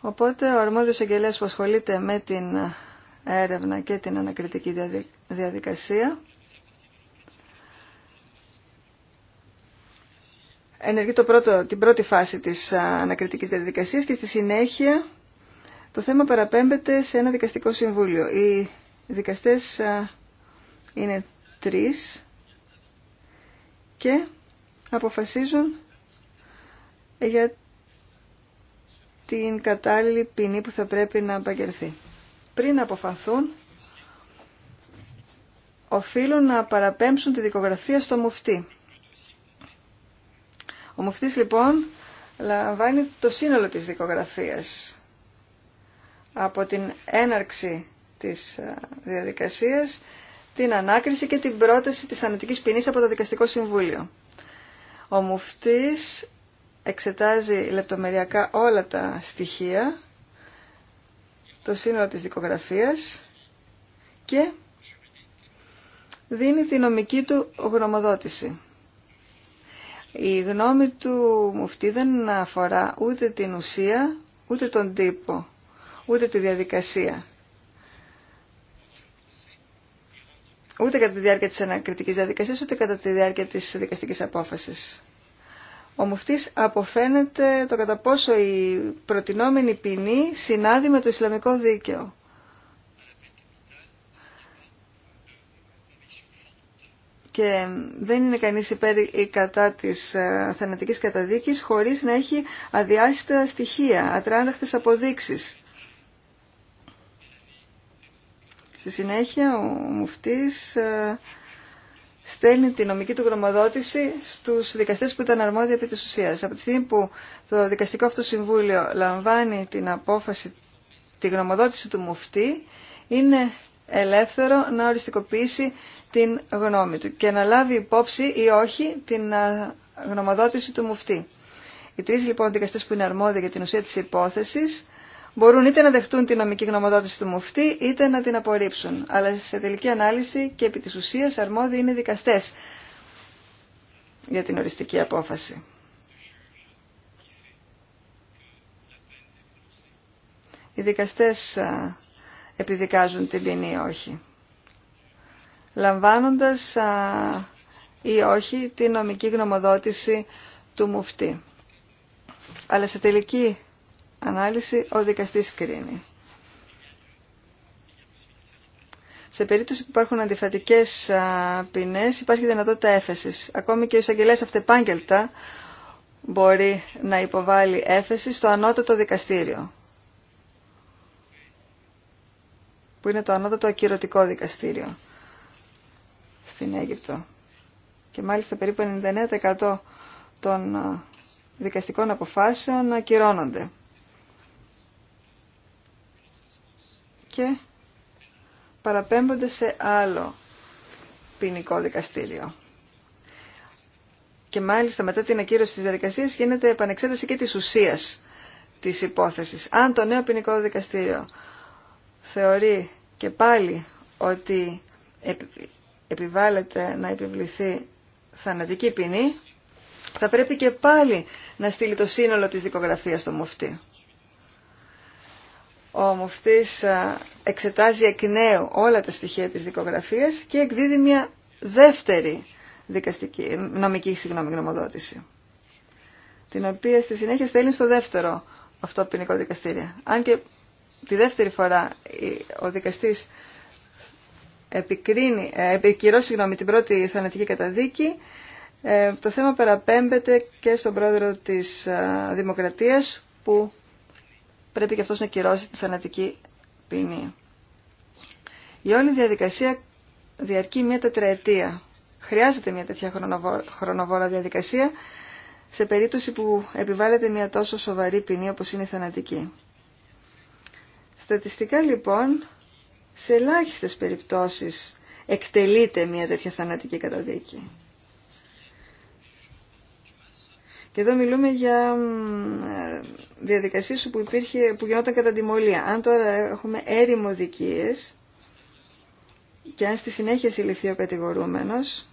Οπότε ο αρμόδιος εγγελέας που ασχολείται με την ε, έρευνα και την ανακριτική διαδικασία ενεργεί το πρώτο, την πρώτη φάση της ανακριτικής διαδικασίας και στη συνέχεια το θέμα παραπέμπεται σε ένα δικαστικό συμβούλιο. Οι δικαστές είναι τρεις και αποφασίζουν για την κατάλληλη ποινή που θα πρέπει να απαγγελθεί. Πριν αποφαθούν, οφείλουν να παραπέμψουν τη δικογραφία στο μουφτή. Ο μουφτής λοιπόν λαμβάνει το σύνολο της δικογραφίας από την έναρξη της ε, διαδικασίας, την ανάκριση και την πρόταση της θανατικής ποινής από το Δικαστικό Συμβούλιο. Ο μουφτής εξετάζει λεπτομεριακά όλα τα στοιχεία, το σύνολο της δικογραφίας και δίνει τη νομική του γνωμοδότηση. Η γνώμη του μουφτή δεν αφορά ούτε την ουσία, ούτε τον τύπο, ούτε τη διαδικασία. Ούτε κατά τη διάρκεια της ανακριτικής διαδικασίας, ούτε κατά τη διάρκεια της δικαστικής απόφασης. Ο μουφτής αποφαίνεται το κατά πόσο η προτινόμενη ποινή συνάδει με το Ισλαμικό δίκαιο. και δεν είναι κανείς υπέρ ή κατά της ε, θανατικής καταδίκης χωρίς να έχει αδιάστα στοιχεία, ατράνταχτες αποδείξεις. Στη συνέχεια ο Μουφτής ε, στέλνει τη νομική του γνωμοδότηση στους δικαστές που ήταν αρμόδιοι επί της ουσίας. Από τη στιγμή που το δικαστικό αυτό συμβούλιο λαμβάνει την απόφαση, τη γνωμοδότηση του Μουφτή, είναι ελεύθερο να οριστικοποιήσει την γνώμη του και να λάβει υπόψη ή όχι την γνωμοδότηση του μουφτή. Οι τρεις λοιπόν δικαστές που είναι αρμόδιοι για την ουσία της υπόθεσης μπορούν είτε να δεχτούν την νομική γνωμοδότηση του μουφτή είτε να την απορρίψουν. Αλλά σε τελική ανάλυση και επί της ουσίας αρμόδιοι είναι οι δικαστές για την οριστική απόφαση. Οι δικαστές επιδικάζουν την ποινή ή όχι. Λαμβάνοντας ή όχι την νομική γνωμοδότηση του μουφτή. Αλλά σε τελική ανάλυση ο δικαστής κρίνει. Σε περίπτωση που υπάρχουν αντιφατικές ποινές υπάρχει δυνατότητα έφεσης. Ακόμη και ο εισαγγελέας αυτεπάγγελτα μπορεί να υποβάλει έφεση στο ανώτατο δικαστήριο. που είναι το ανώτατο ακυρωτικό δικαστήριο στην Αίγυπτο. Και μάλιστα περίπου 99% των δικαστικών αποφάσεων ακυρώνονται. Και παραπέμπονται σε άλλο ποινικό δικαστήριο. Και μάλιστα μετά την ακύρωση της διαδικασίας γίνεται επανεξέταση και της ουσίας της υπόθεσης. Αν το νέο ποινικό δικαστήριο θεωρεί και πάλι ότι επιβάλλεται να επιβληθεί θανατική ποινή, θα πρέπει και πάλι να στείλει το σύνολο της δικογραφίας στο μουφτή. Ο μουφτής εξετάζει εκ νέου όλα τα στοιχεία της δικογραφίας και εκδίδει μια δεύτερη δικαστική, νομική συγγνώμη, γνωμοδότηση, την οποία στη συνέχεια στέλνει στο δεύτερο αυτό ποινικό δικαστήριο. Αν και τη δεύτερη φορά ο δικαστής επικρίνει, ε, επικυρώσει την πρώτη θανατική καταδίκη, ε, το θέμα παραπέμπεται και στον πρόεδρο της ε, Δημοκρατίας που πρέπει και αυτός να κυρώσει τη θανατική ποινή. Η όλη διαδικασία διαρκεί μια τετραετία. Χρειάζεται μια τέτοια χρονοβόρα διαδικασία σε περίπτωση που επιβάλλεται μια τόσο σοβαρή ποινή όπως είναι η θανατική. Στατιστικά λοιπόν, σε ελάχιστες περιπτώσεις εκτελείται μια τέτοια θανατική καταδίκη. Και εδώ μιλούμε για ε, διαδικασίες που, υπήρχε, που γινόταν κατά αντιμόλια. Αν τώρα έχουμε έρημο δικίες και αν στη συνέχεια συλληφθεί ο κατηγορούμενος,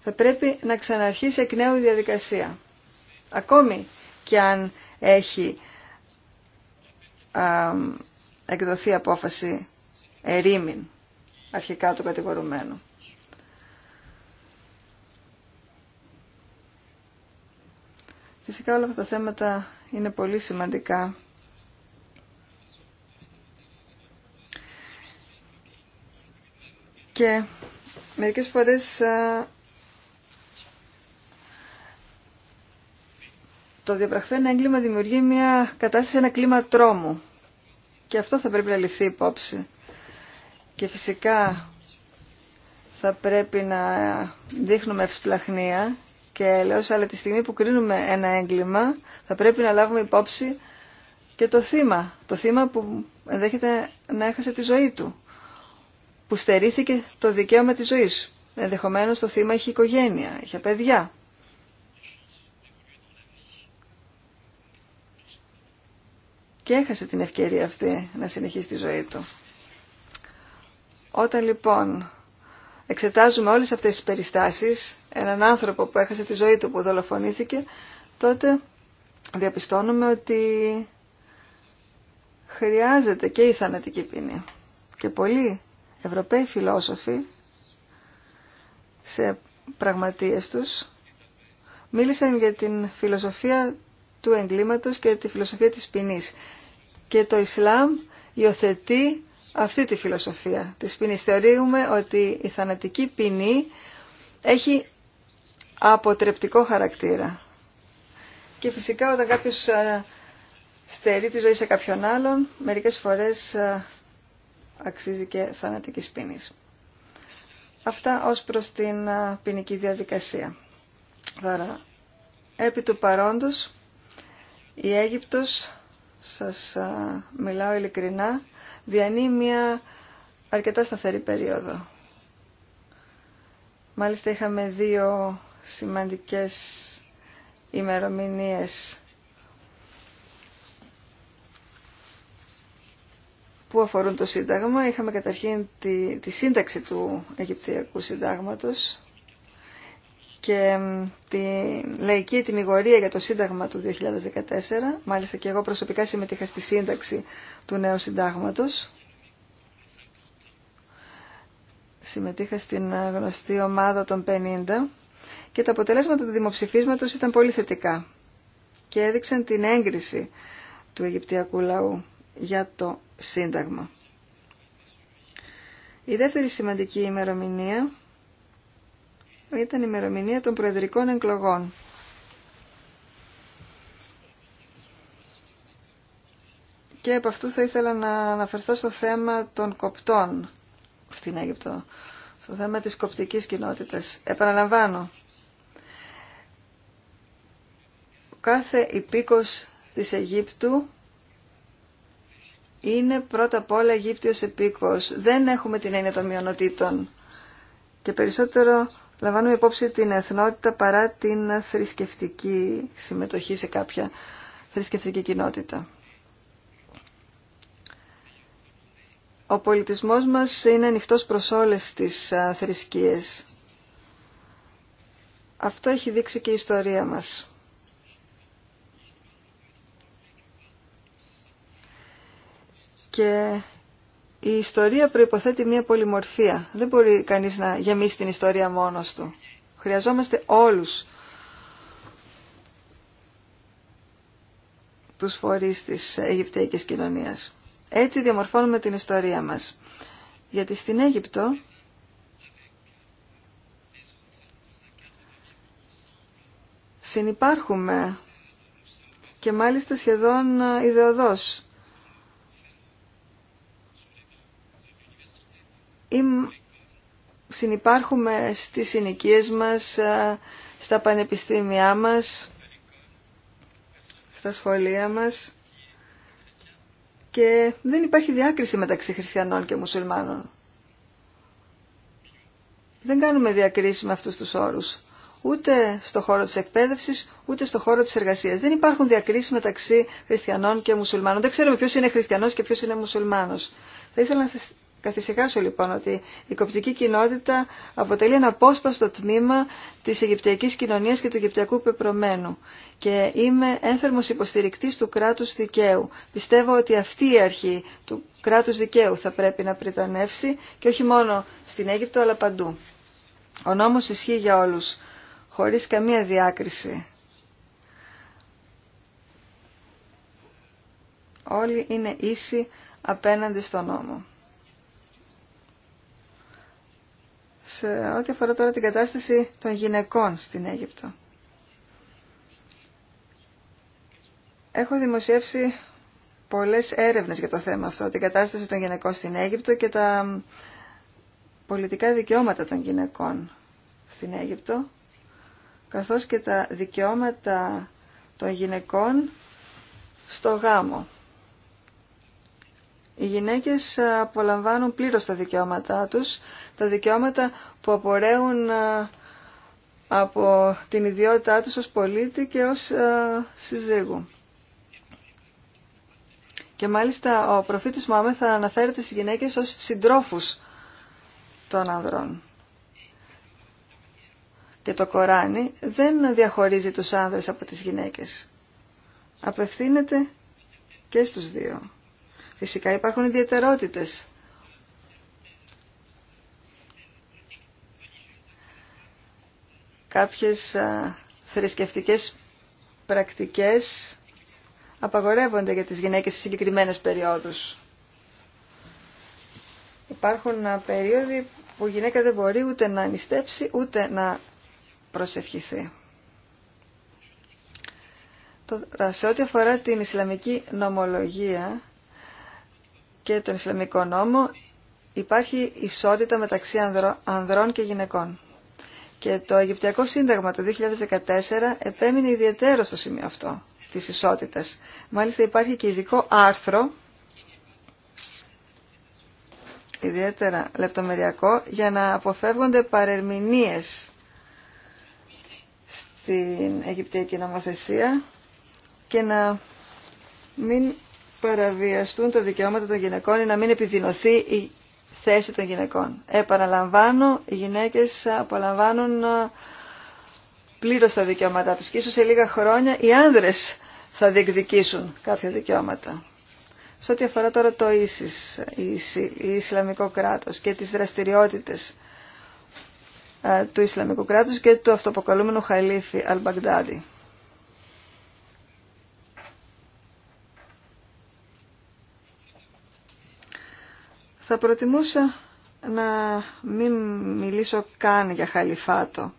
θα πρέπει να ξαναρχίσει εκ νέου διαδικασία. Ακόμη και αν έχει εκδοθεί απόφαση ερήμην αρχικά του κατηγορουμένου. Φυσικά όλα αυτά τα θέματα είναι πολύ σημαντικά. Και μερικές φορές το διαπραχθένα έγκλημα δημιουργεί μια κατάσταση, ένα κλίμα τρόμου και αυτό θα πρέπει να ληφθεί υπόψη. Και φυσικά θα πρέπει να δείχνουμε ευσπλαχνία και έλεος, αλλά τη στιγμή που κρίνουμε ένα έγκλημα θα πρέπει να λάβουμε υπόψη και το θύμα. Το θύμα που ενδέχεται να έχασε τη ζωή του, που στερήθηκε το δικαίωμα της ζωής. Ενδεχομένως το θύμα είχε οικογένεια, είχε παιδιά. και έχασε την ευκαιρία αυτή να συνεχίσει τη ζωή του. Όταν λοιπόν εξετάζουμε όλες αυτές τις περιστάσεις, έναν άνθρωπο που έχασε τη ζωή του, που δολοφονήθηκε, τότε διαπιστώνουμε ότι χρειάζεται και η θανατική ποινή. Και πολλοί Ευρωπαίοι φιλόσοφοι σε πραγματείες τους μίλησαν για την φιλοσοφία του εγκλήματος και τη φιλοσοφία της ποινή. Και το Ισλάμ υιοθετεί αυτή τη φιλοσοφία της ποινή. Θεωρούμε ότι η θανατική ποινή έχει αποτρεπτικό χαρακτήρα. Και φυσικά όταν κάποιος ε, στερεί τη ζωή σε κάποιον άλλον, μερικές φορές ε, αξίζει και θανατική ποινής. Αυτά ως προς την ε, ποινική διαδικασία. Τώρα, επί του παρόντος, η Αίγυπτος, σας μιλάω ειλικρινά, διανύει μια αρκετά σταθερή περίοδο. Μάλιστα είχαμε δύο σημαντικές ημερομηνίες που αφορούν το Σύνταγμα. Είχαμε καταρχήν τη, τη σύνταξη του Αιγυπτιακού Συντάγματος και τη λαϊκή ετοιμιγορία για το Σύνταγμα του 2014. Μάλιστα και εγώ προσωπικά συμμετείχα στη σύνταξη του νέου συντάγματος. Συμμετείχα στην ε, γνωστή ομάδα των 50 και τα αποτελέσματα του δημοψηφίσματος ήταν πολύ θετικά και έδειξαν την έγκριση του Αιγυπτιακού λαού για το Σύνταγμα. Η δεύτερη σημαντική ημερομηνία ήταν η ημερομηνία των προεδρικών εκλογών. Και από αυτού θα ήθελα να αναφερθώ στο θέμα των κοπτών στην Αίγυπτο, στο θέμα της κοπτικής κοινότητας. Επαναλαμβάνω, κάθε υπήκος της Αιγύπτου είναι πρώτα απ' όλα Αιγύπτιος επίκος. Δεν έχουμε την έννοια των μειονοτήτων και περισσότερο λαμβάνουμε υπόψη την εθνότητα παρά την θρησκευτική συμμετοχή σε κάποια θρησκευτική κοινότητα. Ο πολιτισμός μας είναι ανοιχτός προς όλες τις θρησκείες. Αυτό έχει δείξει και η ιστορία μας. Και η ιστορία προϋποθέτει μία πολυμορφία. Δεν μπορεί κανείς να γεμίσει την ιστορία μόνος του. Χρειαζόμαστε όλους τους φορείς της Αιγυπτιακής κοινωνίας. Έτσι διαμορφώνουμε την ιστορία μας. Γιατί στην Αίγυπτο συνυπάρχουμε και μάλιστα σχεδόν ιδεοδός συνυπάρχουμε στις συνοικίες μας, στα πανεπιστήμια μας, στα σχολεία μας και δεν υπάρχει διάκριση μεταξύ χριστιανών και μουσουλμάνων. Δεν κάνουμε διακρίση με αυτούς τους όρους, ούτε στο χώρο της εκπαίδευσης, ούτε στο χώρο της εργασίας. Δεν υπάρχουν διακρίσεις μεταξύ χριστιανών και μουσουλμάνων. Δεν ξέρουμε ποιος είναι χριστιανός και ποιος είναι μουσουλμάνος. Θα ήθελα να σας Καθησυχάσω λοιπόν ότι η κοπτική κοινότητα αποτελεί ένα απόσπαστο τμήμα της Αιγυπτιακής κοινωνίας και του Αιγυπτιακού πεπρωμένου και είμαι ένθερμος υποστηρικτής του κράτους δικαίου. Πιστεύω ότι αυτή η αρχή του κράτους δικαίου θα πρέπει να πριτανεύσει και όχι μόνο στην Αίγυπτο αλλά παντού. Ο νόμος ισχύει για όλους, χωρίς καμία διάκριση. Όλοι είναι ίσοι απέναντι στον νόμο. σε ό,τι αφορά τώρα την κατάσταση των γυναικών στην Αίγυπτο. Έχω δημοσιεύσει πολλές έρευνες για το θέμα αυτό, την κατάσταση των γυναικών στην Αίγυπτο και τα πολιτικά δικαιώματα των γυναικών στην Αίγυπτο, καθώς και τα δικαιώματα των γυναικών στο γάμο. Οι γυναίκες απολαμβάνουν πλήρως τα δικαιώματά τους, τα δικαιώματα που απορρέουν ε, από την ιδιότητά τους ως πολίτη και ως ε, συζύγου. Και μάλιστα ο προφήτης Μωάμε θα αναφέρεται στις γυναίκες ως συντρόφους των ανδρών. Και το Κοράνι δεν διαχωρίζει τους άνδρες από τις γυναίκες. Απευθύνεται και στους δύο. Φυσικά υπάρχουν ιδιαιτερότητες. Κάποιες θρησκευτικές πρακτικές απαγορεύονται για τις γυναίκες σε συγκεκριμένες περιόδους. Υπάρχουν περίοδοι που η γυναίκα δεν μπορεί ούτε να νηστέψει ούτε να προσευχηθεί. σε ό,τι αφορά την Ισλαμική νομολογία, και τον Ισλαμικό νόμο υπάρχει ισότητα μεταξύ ανδρών και γυναικών. Και το Αιγυπτιακό Σύνταγμα το 2014 επέμεινε ιδιαίτερο στο σημείο αυτό της ισότητας. Μάλιστα υπάρχει και ειδικό άρθρο, ιδιαίτερα λεπτομεριακό, για να αποφεύγονται παρερμηνίες στην Αιγυπτιακή νομοθεσία και να μην παραβιαστούν τα δικαιώματα των γυναικών ή να μην επιδεινωθεί η θέση των γυναικών. Επαναλαμβάνω, οι γυναίκες απολαμβάνουν ε, πλήρως τα δικαιώματά τους και ίσως σε λίγα χρόνια οι άνδρες θα διεκδικήσουν κάποια δικαιώματα. Σε ό,τι αφορά τώρα το ίσις, η Ισλαμικό κράτος και τις δραστηριότητες ε, του Ισλαμικού κράτους και του αυτοποκαλούμενου Χαλίφη Αλμπαγδάδη. Θα προτιμούσα να μην μιλήσω καν για χαλιφάτο,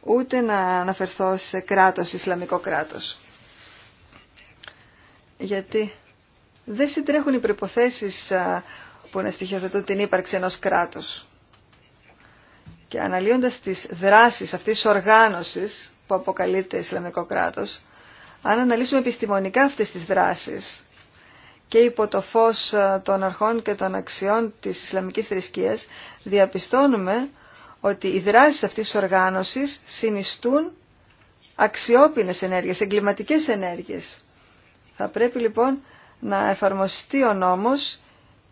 ούτε να αναφερθώ σε κράτος, Ισλαμικό κράτος. Γιατί δεν συντρέχουν οι προϋποθέσεις που να στοιχειοθετούν την ύπαρξη ενός κράτους. Και αναλύοντας τις δράσεις αυτής της οργάνωσης που αποκαλείται Ισλαμικό κράτος, αν αναλύσουμε επιστημονικά αυτές τις δράσεις, και υπό το φως ε, των αρχών και των αξιών της Ισλαμικής θρησκείας διαπιστώνουμε ότι οι δράσεις αυτής της οργάνωσης συνιστούν αξιόπινες ενέργειες, εγκληματικές ενέργειες. Θα πρέπει λοιπόν να εφαρμοστεί ο νόμος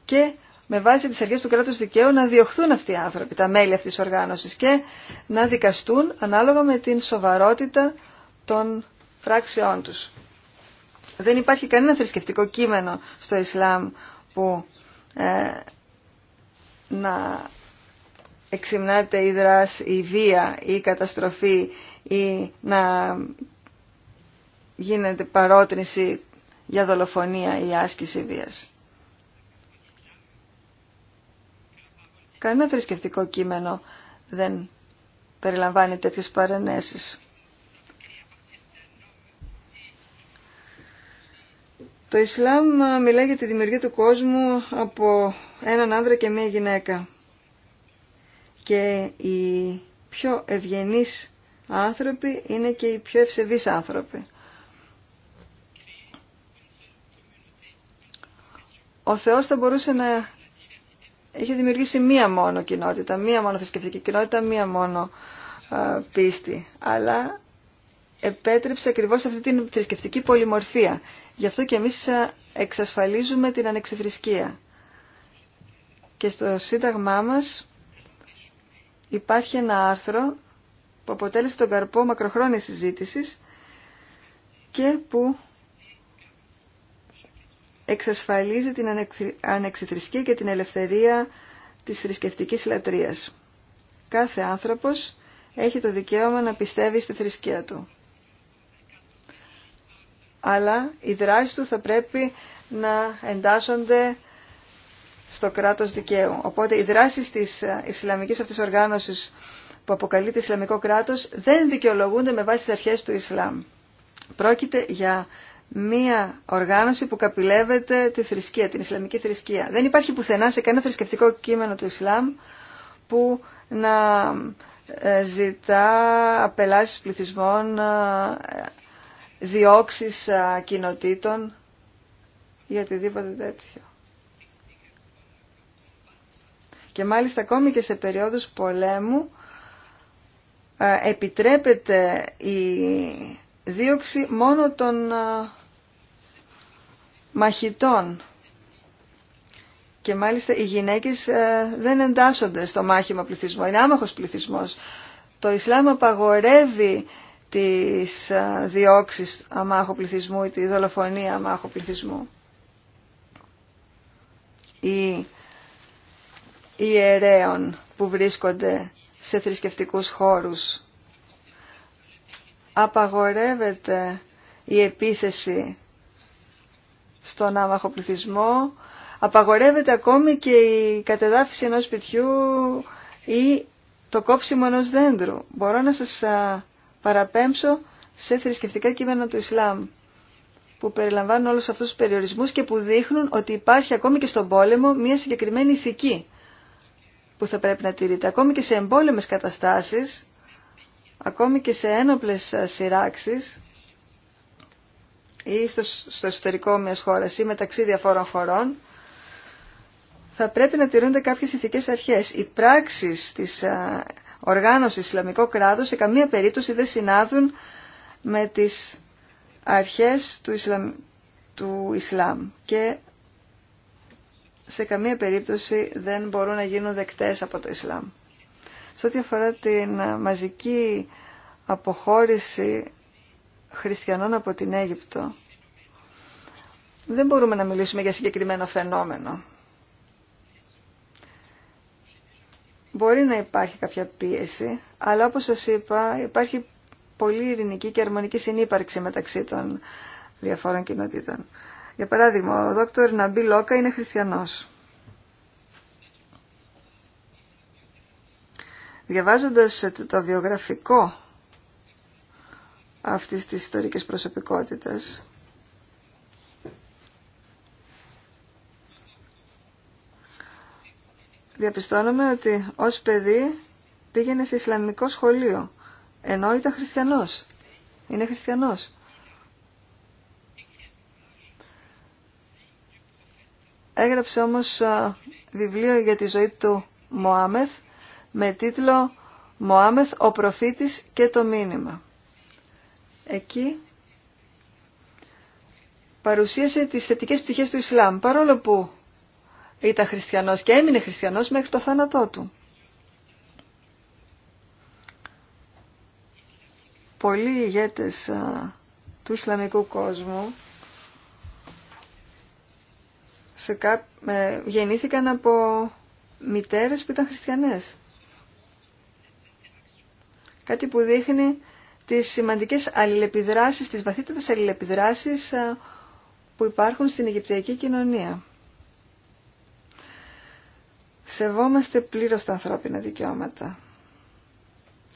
και με βάση τις αρχές του κράτους δικαίου να διωχθούν αυτοί οι άνθρωποι, τα μέλη αυτής της οργάνωσης και να δικαστούν ανάλογα με την σοβαρότητα των πράξεών τους. Δεν υπάρχει κανένα θρησκευτικό κείμενο στο Ισλάμ που ε, να εξυμνάται η δράση, η βία, η καταστροφή ή να γίνεται παρότρινση για δολοφονία ή άσκηση βίας. Κανένα θρησκευτικό κείμενο δεν περιλαμβάνει τέτοιες παρενέσεις. Το Ισλάμ ε, μιλάει για τη δημιουργία του κόσμου από έναν άντρα και μία γυναίκα. Και οι πιο ευγενείς άνθρωποι είναι και οι πιο ευσεβείς άνθρωποι. Ο Θεός θα μπορούσε να είχε δημιουργήσει μία μόνο κοινότητα, μία μόνο θρησκευτική κοινότητα, μία μόνο ε, πίστη. Αλλά επέτρεψε ακριβώς αυτή την θρησκευτική πολυμορφία. Γι' αυτό και εμείς ε, εξασφαλίζουμε την ανεξιθρησκεία. Και στο Σύνταγμά μας υπάρχει ένα άρθρο που αποτέλεσε τον καρπό μακροχρόνια συζήτησης και που εξασφαλίζει την ανεξιθρησκεία και την ελευθερία της θρησκευτικής λατρείας. Κάθε άνθρωπος έχει το δικαίωμα να πιστεύει στη θρησκεία του αλλά οι δράσεις του θα πρέπει να εντάσσονται στο κράτος δικαίου. Οπότε οι δράσεις της Ισλαμικής αυτής οργάνωσης που αποκαλείται Ισλαμικό κράτος δεν δικαιολογούνται με βάση τις αρχές του Ισλάμ. Πρόκειται για μία οργάνωση που καπηλεύεται τη θρησκεία, την Ισλαμική θρησκεία. Δεν υπάρχει πουθενά σε κανένα θρησκευτικό κείμενο του Ισλάμ που να ε, ζητά απελάσεις πληθυσμών ε, διώξεις κοινοτήτων ή οτιδήποτε τέτοιο. Και μάλιστα ακόμη και σε περίοδους πολέμου επιτρέπεται η δίωξη μόνο των μαχητών. Και μάλιστα οι γυναίκες δεν εντάσσονται στο μάχημα πληθυσμό, είναι άμαχος πληθυσμός. Το Ισλάμ απαγορεύει της διώξεις αμάχου πληθυσμού ή τη δολοφονία αμάχου πληθυσμού. Ή ιερέων που βρίσκονται σε θρησκευτικούς χώρους. Απαγορεύεται η τη δολοφονια αμαχου πληθυσμου οι ιερεων που βρισκονται σε θρησκευτικους χωρους απαγορευεται η επιθεση στον άμαχο πληθυσμό, απαγορεύεται ακόμη και η κατεδάφιση ενός σπιτιού ή το κόψιμο ενός δέντρου. Μπορώ να σας παραπέμψω σε θρησκευτικά κείμενα του Ισλάμ που περιλαμβάνουν όλους αυτούς τους περιορισμούς και που δείχνουν ότι υπάρχει ακόμη και στον πόλεμο μια συγκεκριμένη ηθική που θα πρέπει να τηρείται. Ακόμη και σε εμπόλεμες καταστάσεις, ακόμη και σε ένοπλες ε, σειράξεις ή στο, εσωτερικό μιας χώρας ή μεταξύ διαφόρων χωρών, θα πρέπει να τηρούνται κάποιες ηθικές αρχές. Οι πράξεις της ε, οργάνωση Ισλαμικό κράτος σε καμία περίπτωση δεν συνάδουν με τις αρχές του Ισλαμ, του Ισλάμ και σε καμία περίπτωση δεν μπορούν να γίνουν δεκτές από το Ισλάμ. Σε ό,τι αφορά την μαζική αποχώρηση χριστιανών από την Αίγυπτο, δεν μπορούμε να μιλήσουμε για συγκεκριμένο φαινόμενο. μπορεί να υπάρχει κάποια πίεση, αλλά όπως σας είπα υπάρχει πολύ ειρηνική και αρμονική συνύπαρξη μεταξύ των διαφόρων κοινοτήτων. Για παράδειγμα, ο δόκτωρ Ναμπί Λόκα είναι χριστιανός. Διαβάζοντας το βιογραφικό αυτής της ιστορικής προσωπικότητας, διαπιστώνουμε ότι ως παιδί πήγαινε σε Ισλαμικό σχολείο, ενώ ήταν χριστιανός. Είναι χριστιανός. Έγραψε όμως βιβλίο για τη ζωή του Μωάμεθ με τίτλο «Μωάμεθ, ο προφήτης και το μήνυμα». Εκεί παρουσίασε τις θετικές πτυχές του Ισλάμ, παρόλο που ήταν χριστιανός και έμεινε χριστιανός μέχρι το θάνατό του. Πολλοί ηγέτες του Ισλαμικού κόσμου σε κά... γεννήθηκαν από μητέρες που ήταν χριστιανές. Κάτι που δείχνει τις σημαντικές αλληλεπιδράσεις, τις βαθύτερες αλληλεπιδράσεις που υπάρχουν στην Αιγυπτιακή κοινωνία σεβόμαστε πλήρως τα ανθρώπινα δικαιώματα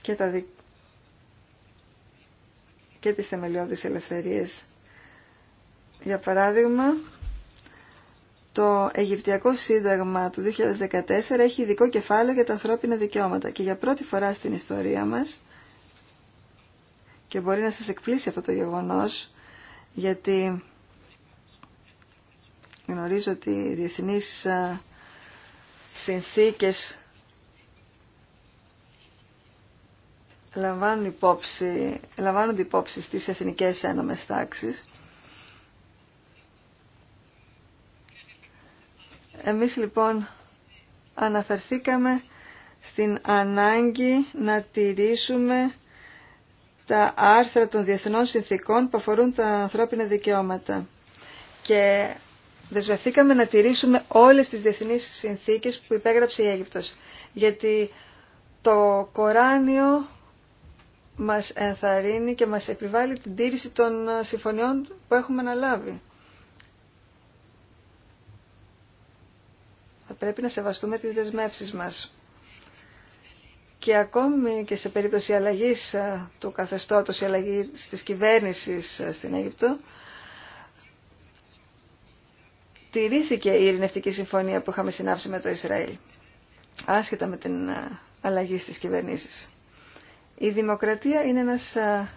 και, τα δι... και τις θεμελιώδεις ελευθερίες. Για παράδειγμα, το Αιγυπτιακό Σύνταγμα του 2014 έχει ειδικό κεφάλαιο για τα ανθρώπινα δικαιώματα και για πρώτη φορά στην ιστορία μας και μπορεί να σας εκπλήσει αυτό το γεγονός γιατί γνωρίζω ότι οι διεθνείς συνθήκες λαμβάνουν υπόψη, λαμβάνονται υπόψη στις εθνικές ένομες τάξεις. Εμείς λοιπόν αναφερθήκαμε στην ανάγκη να τηρήσουμε τα άρθρα των διεθνών συνθήκων που αφορούν τα ανθρώπινα δικαιώματα. Και Δεσμευθήκαμε να τηρήσουμε όλες τις διεθνείς συνθήκες που υπέγραψε η Αίγυπτος. Γιατί το Κοράνιο μας ενθαρρύνει και μας επιβάλλει την τήρηση των συμφωνιών που έχουμε αναλάβει. Θα πρέπει να σεβαστούμε τις δεσμεύσεις μας. Και ακόμη και σε περίπτωση αλλαγής του καθεστώτος, η αλλαγή της κυβέρνησης στην Αίγυπτο, τηρήθηκε η ειρηνευτική συμφωνία που είχαμε συνάψει με το Ισραήλ, άσχετα με την ε, αλλαγή στις κυβερνήσεις. Η δημοκρατία είναι ένας ε,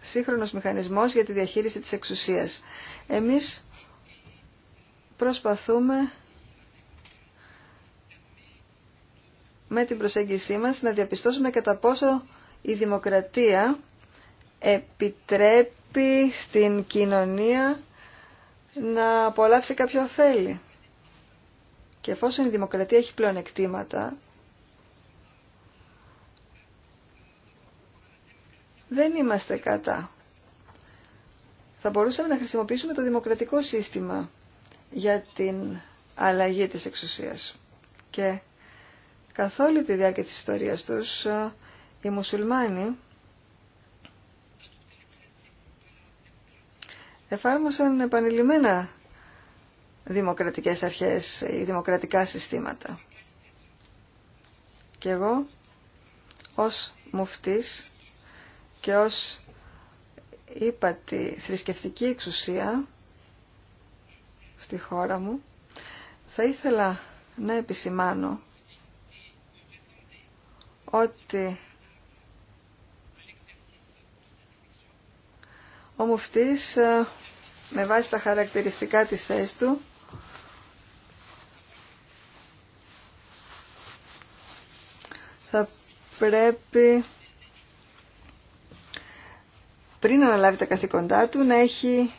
σύγχρονος μηχανισμός για τη διαχείριση της εξουσίας. Εμείς προσπαθούμε με την προσέγγισή μας να διαπιστώσουμε κατά πόσο η δημοκρατία επιτρέπει στην κοινωνία να απολαύσει κάποιο ωφέλη. Και εφόσον η δημοκρατία έχει πλεονεκτήματα, δεν είμαστε κατά. Θα μπορούσαμε να χρησιμοποιήσουμε το δημοκρατικό σύστημα για την αλλαγή της εξουσίας. Και καθ' όλη τη διάρκεια της ιστορίας τους, οι μουσουλμάνοι εφάρμοσαν επανειλημμένα δημοκρατικές αρχές ή δημοκρατικά συστήματα. Και εγώ ως μουφτής και ως ύπατη θρησκευτική εξουσία στη χώρα μου θα ήθελα να επισημάνω ότι Ο Μουφτής ε, με βάση τα χαρακτηριστικά της θέσης του θα πρέπει πριν αναλάβει τα καθήκοντά του να έχει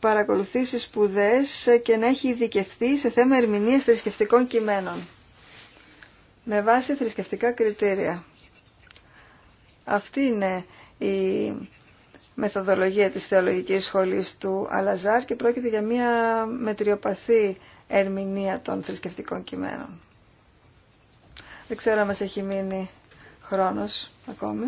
παρακολουθήσει σπουδές και να έχει ειδικευθεί σε θέμα ερμηνείας θρησκευτικών κειμένων με βάση θρησκευτικά κριτήρια. Αυτή είναι η μεθοδολογία της θεολογικής σχολής του Αλαζάρ και πρόκειται για μια μετριοπαθή ερμηνεία των θρησκευτικών κειμένων. Δεν ξέρω αν μας έχει μείνει χρόνος ακόμη.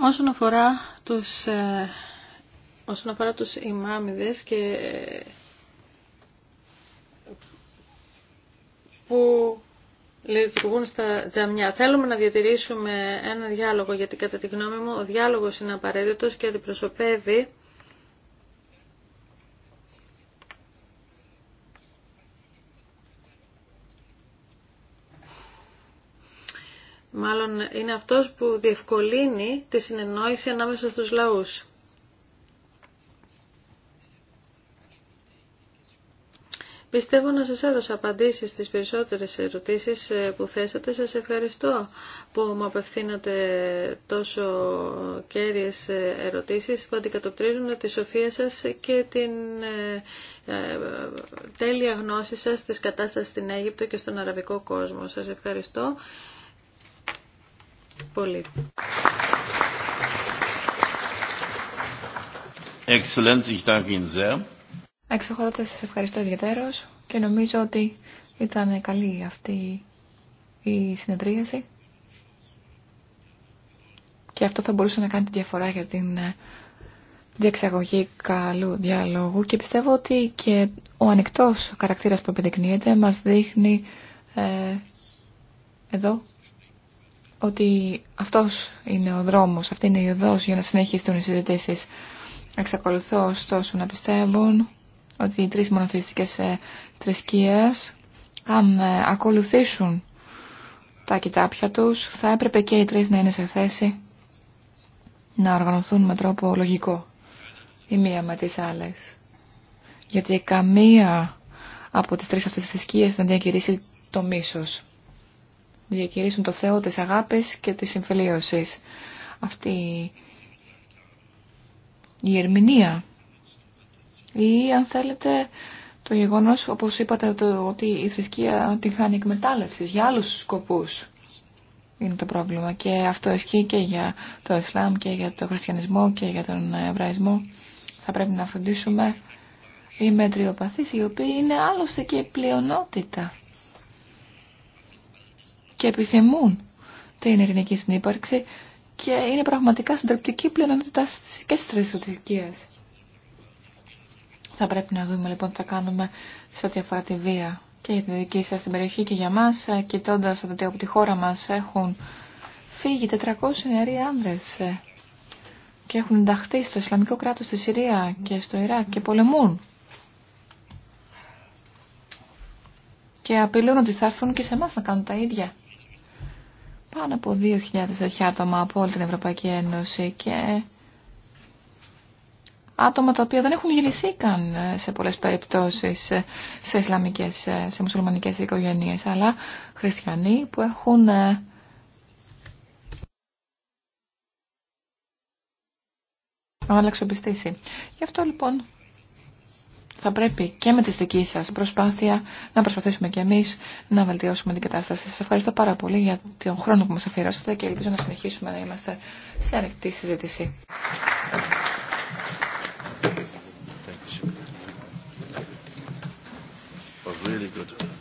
Όσον αφορά τους, ε, όσον τους ημάμιδες και ε, που λειτουργούν στα τζαμιά. Θέλουμε να διατηρήσουμε ένα διάλογο, γιατί κατά τη γνώμη μου ο διάλογος είναι απαραίτητος και αντιπροσωπεύει Μάλλον είναι αυτός που διευκολύνει τη συνεννόηση ανάμεσα στους λαούς. Πιστεύω να σας έδωσα απαντήσεις στις περισσότερες ερωτήσεις ε, που θέσατε. Σας ευχαριστώ που μου απευθύνατε τόσο κέρυες ε, ερωτήσεις που αντικατοπτρίζουν τη σοφία σας και την ε, τέλεια γνώση σας της κατάστασης στην Αίγυπτο και στον αραβικό κόσμο. Σας ευχαριστώ πολύ. ich danke Ihnen sehr. Εξοχότατε, σας ευχαριστώ ιδιαίτερως και νομίζω ότι ήταν καλή αυτή η συνεδρίαση και αυτό θα μπορούσε να κάνει τη διαφορά για την ε, διεξαγωγή καλού διαλόγου και πιστεύω ότι και ο ανοιχτός χαρακτήρας που επιδεικνύεται μας δείχνει ε, εδώ ότι αυτός είναι ο δρόμος, αυτή είναι η οδός για να συνεχίσουν οι συζητήσεις. Εξακολουθώ ωστόσο να πιστεύουν ότι οι τρεις μονοθεϊστικές ε, θρησκείες αν ε, ακολουθήσουν τα κοιτάπια τους θα έπρεπε και οι τρεις να είναι σε θέση να οργανωθούν με τρόπο λογικό η μία με τις άλλες. Γιατί καμία από τις τρεις αυτές τις θρησκείες δεν διακηρύσει το μίσος. Διακηρύσουν το Θεό της αγάπης και της συμφιλίωσης. Αυτή η ερμηνεία ή αν θέλετε το γεγονός, όπως είπατε, ότι η θρησκεία την χάνει εκμετάλλευση για άλλους σκοπούς είναι το πρόβλημα. Και αυτό ισχύει και για το Ισλάμ και για το χριστιανισμό και για τον Εβραϊσμό. Θα πρέπει να φροντίσουμε οι μετριοπαθείς, οι οποίοι είναι άλλωστε και πλειονότητα και επιθυμούν την ειρηνική συνύπαρξη και είναι πραγματικά συντριπτική πλειονότητα και στις θρησκείες. Θα πρέπει να δούμε λοιπόν τι θα κάνουμε σε ό,τι αφορά τη βία και για τη δική σας την περιοχή και για μας, ε, κοιτώντας ότι από τη χώρα μας έχουν φύγει 400 νεαροί άνδρες ε, και έχουν ενταχθεί στο Ισλαμικό κράτος στη Συρία και στο Ιράκ και πολεμούν. Και απειλούν ότι θα έρθουν και σε εμά να κάνουν τα ίδια. Πάνω από 2.000 άτομα από όλη την Ευρωπαϊκή Ένωση και άτομα τα οποία δεν έχουν γυρίσει καν ε, σε πολλές περιπτώσεις ε, σε ισλαμικές, ε, σε μουσουλμανικές οικογένειες, αλλά χριστιανοί που έχουν αλλαξοπιστήσει. Γι' αυτό λοιπόν θα πρέπει και με τη δική σας προσπάθεια να προσπαθήσουμε κι εμείς να βελτιώσουμε την κατάσταση. Σας ευχαριστώ πάρα πολύ για τον χρόνο που μας αφιερώσατε και ελπίζω να συνεχίσουμε να είμαστε σε ανοιχτή συζήτηση. good.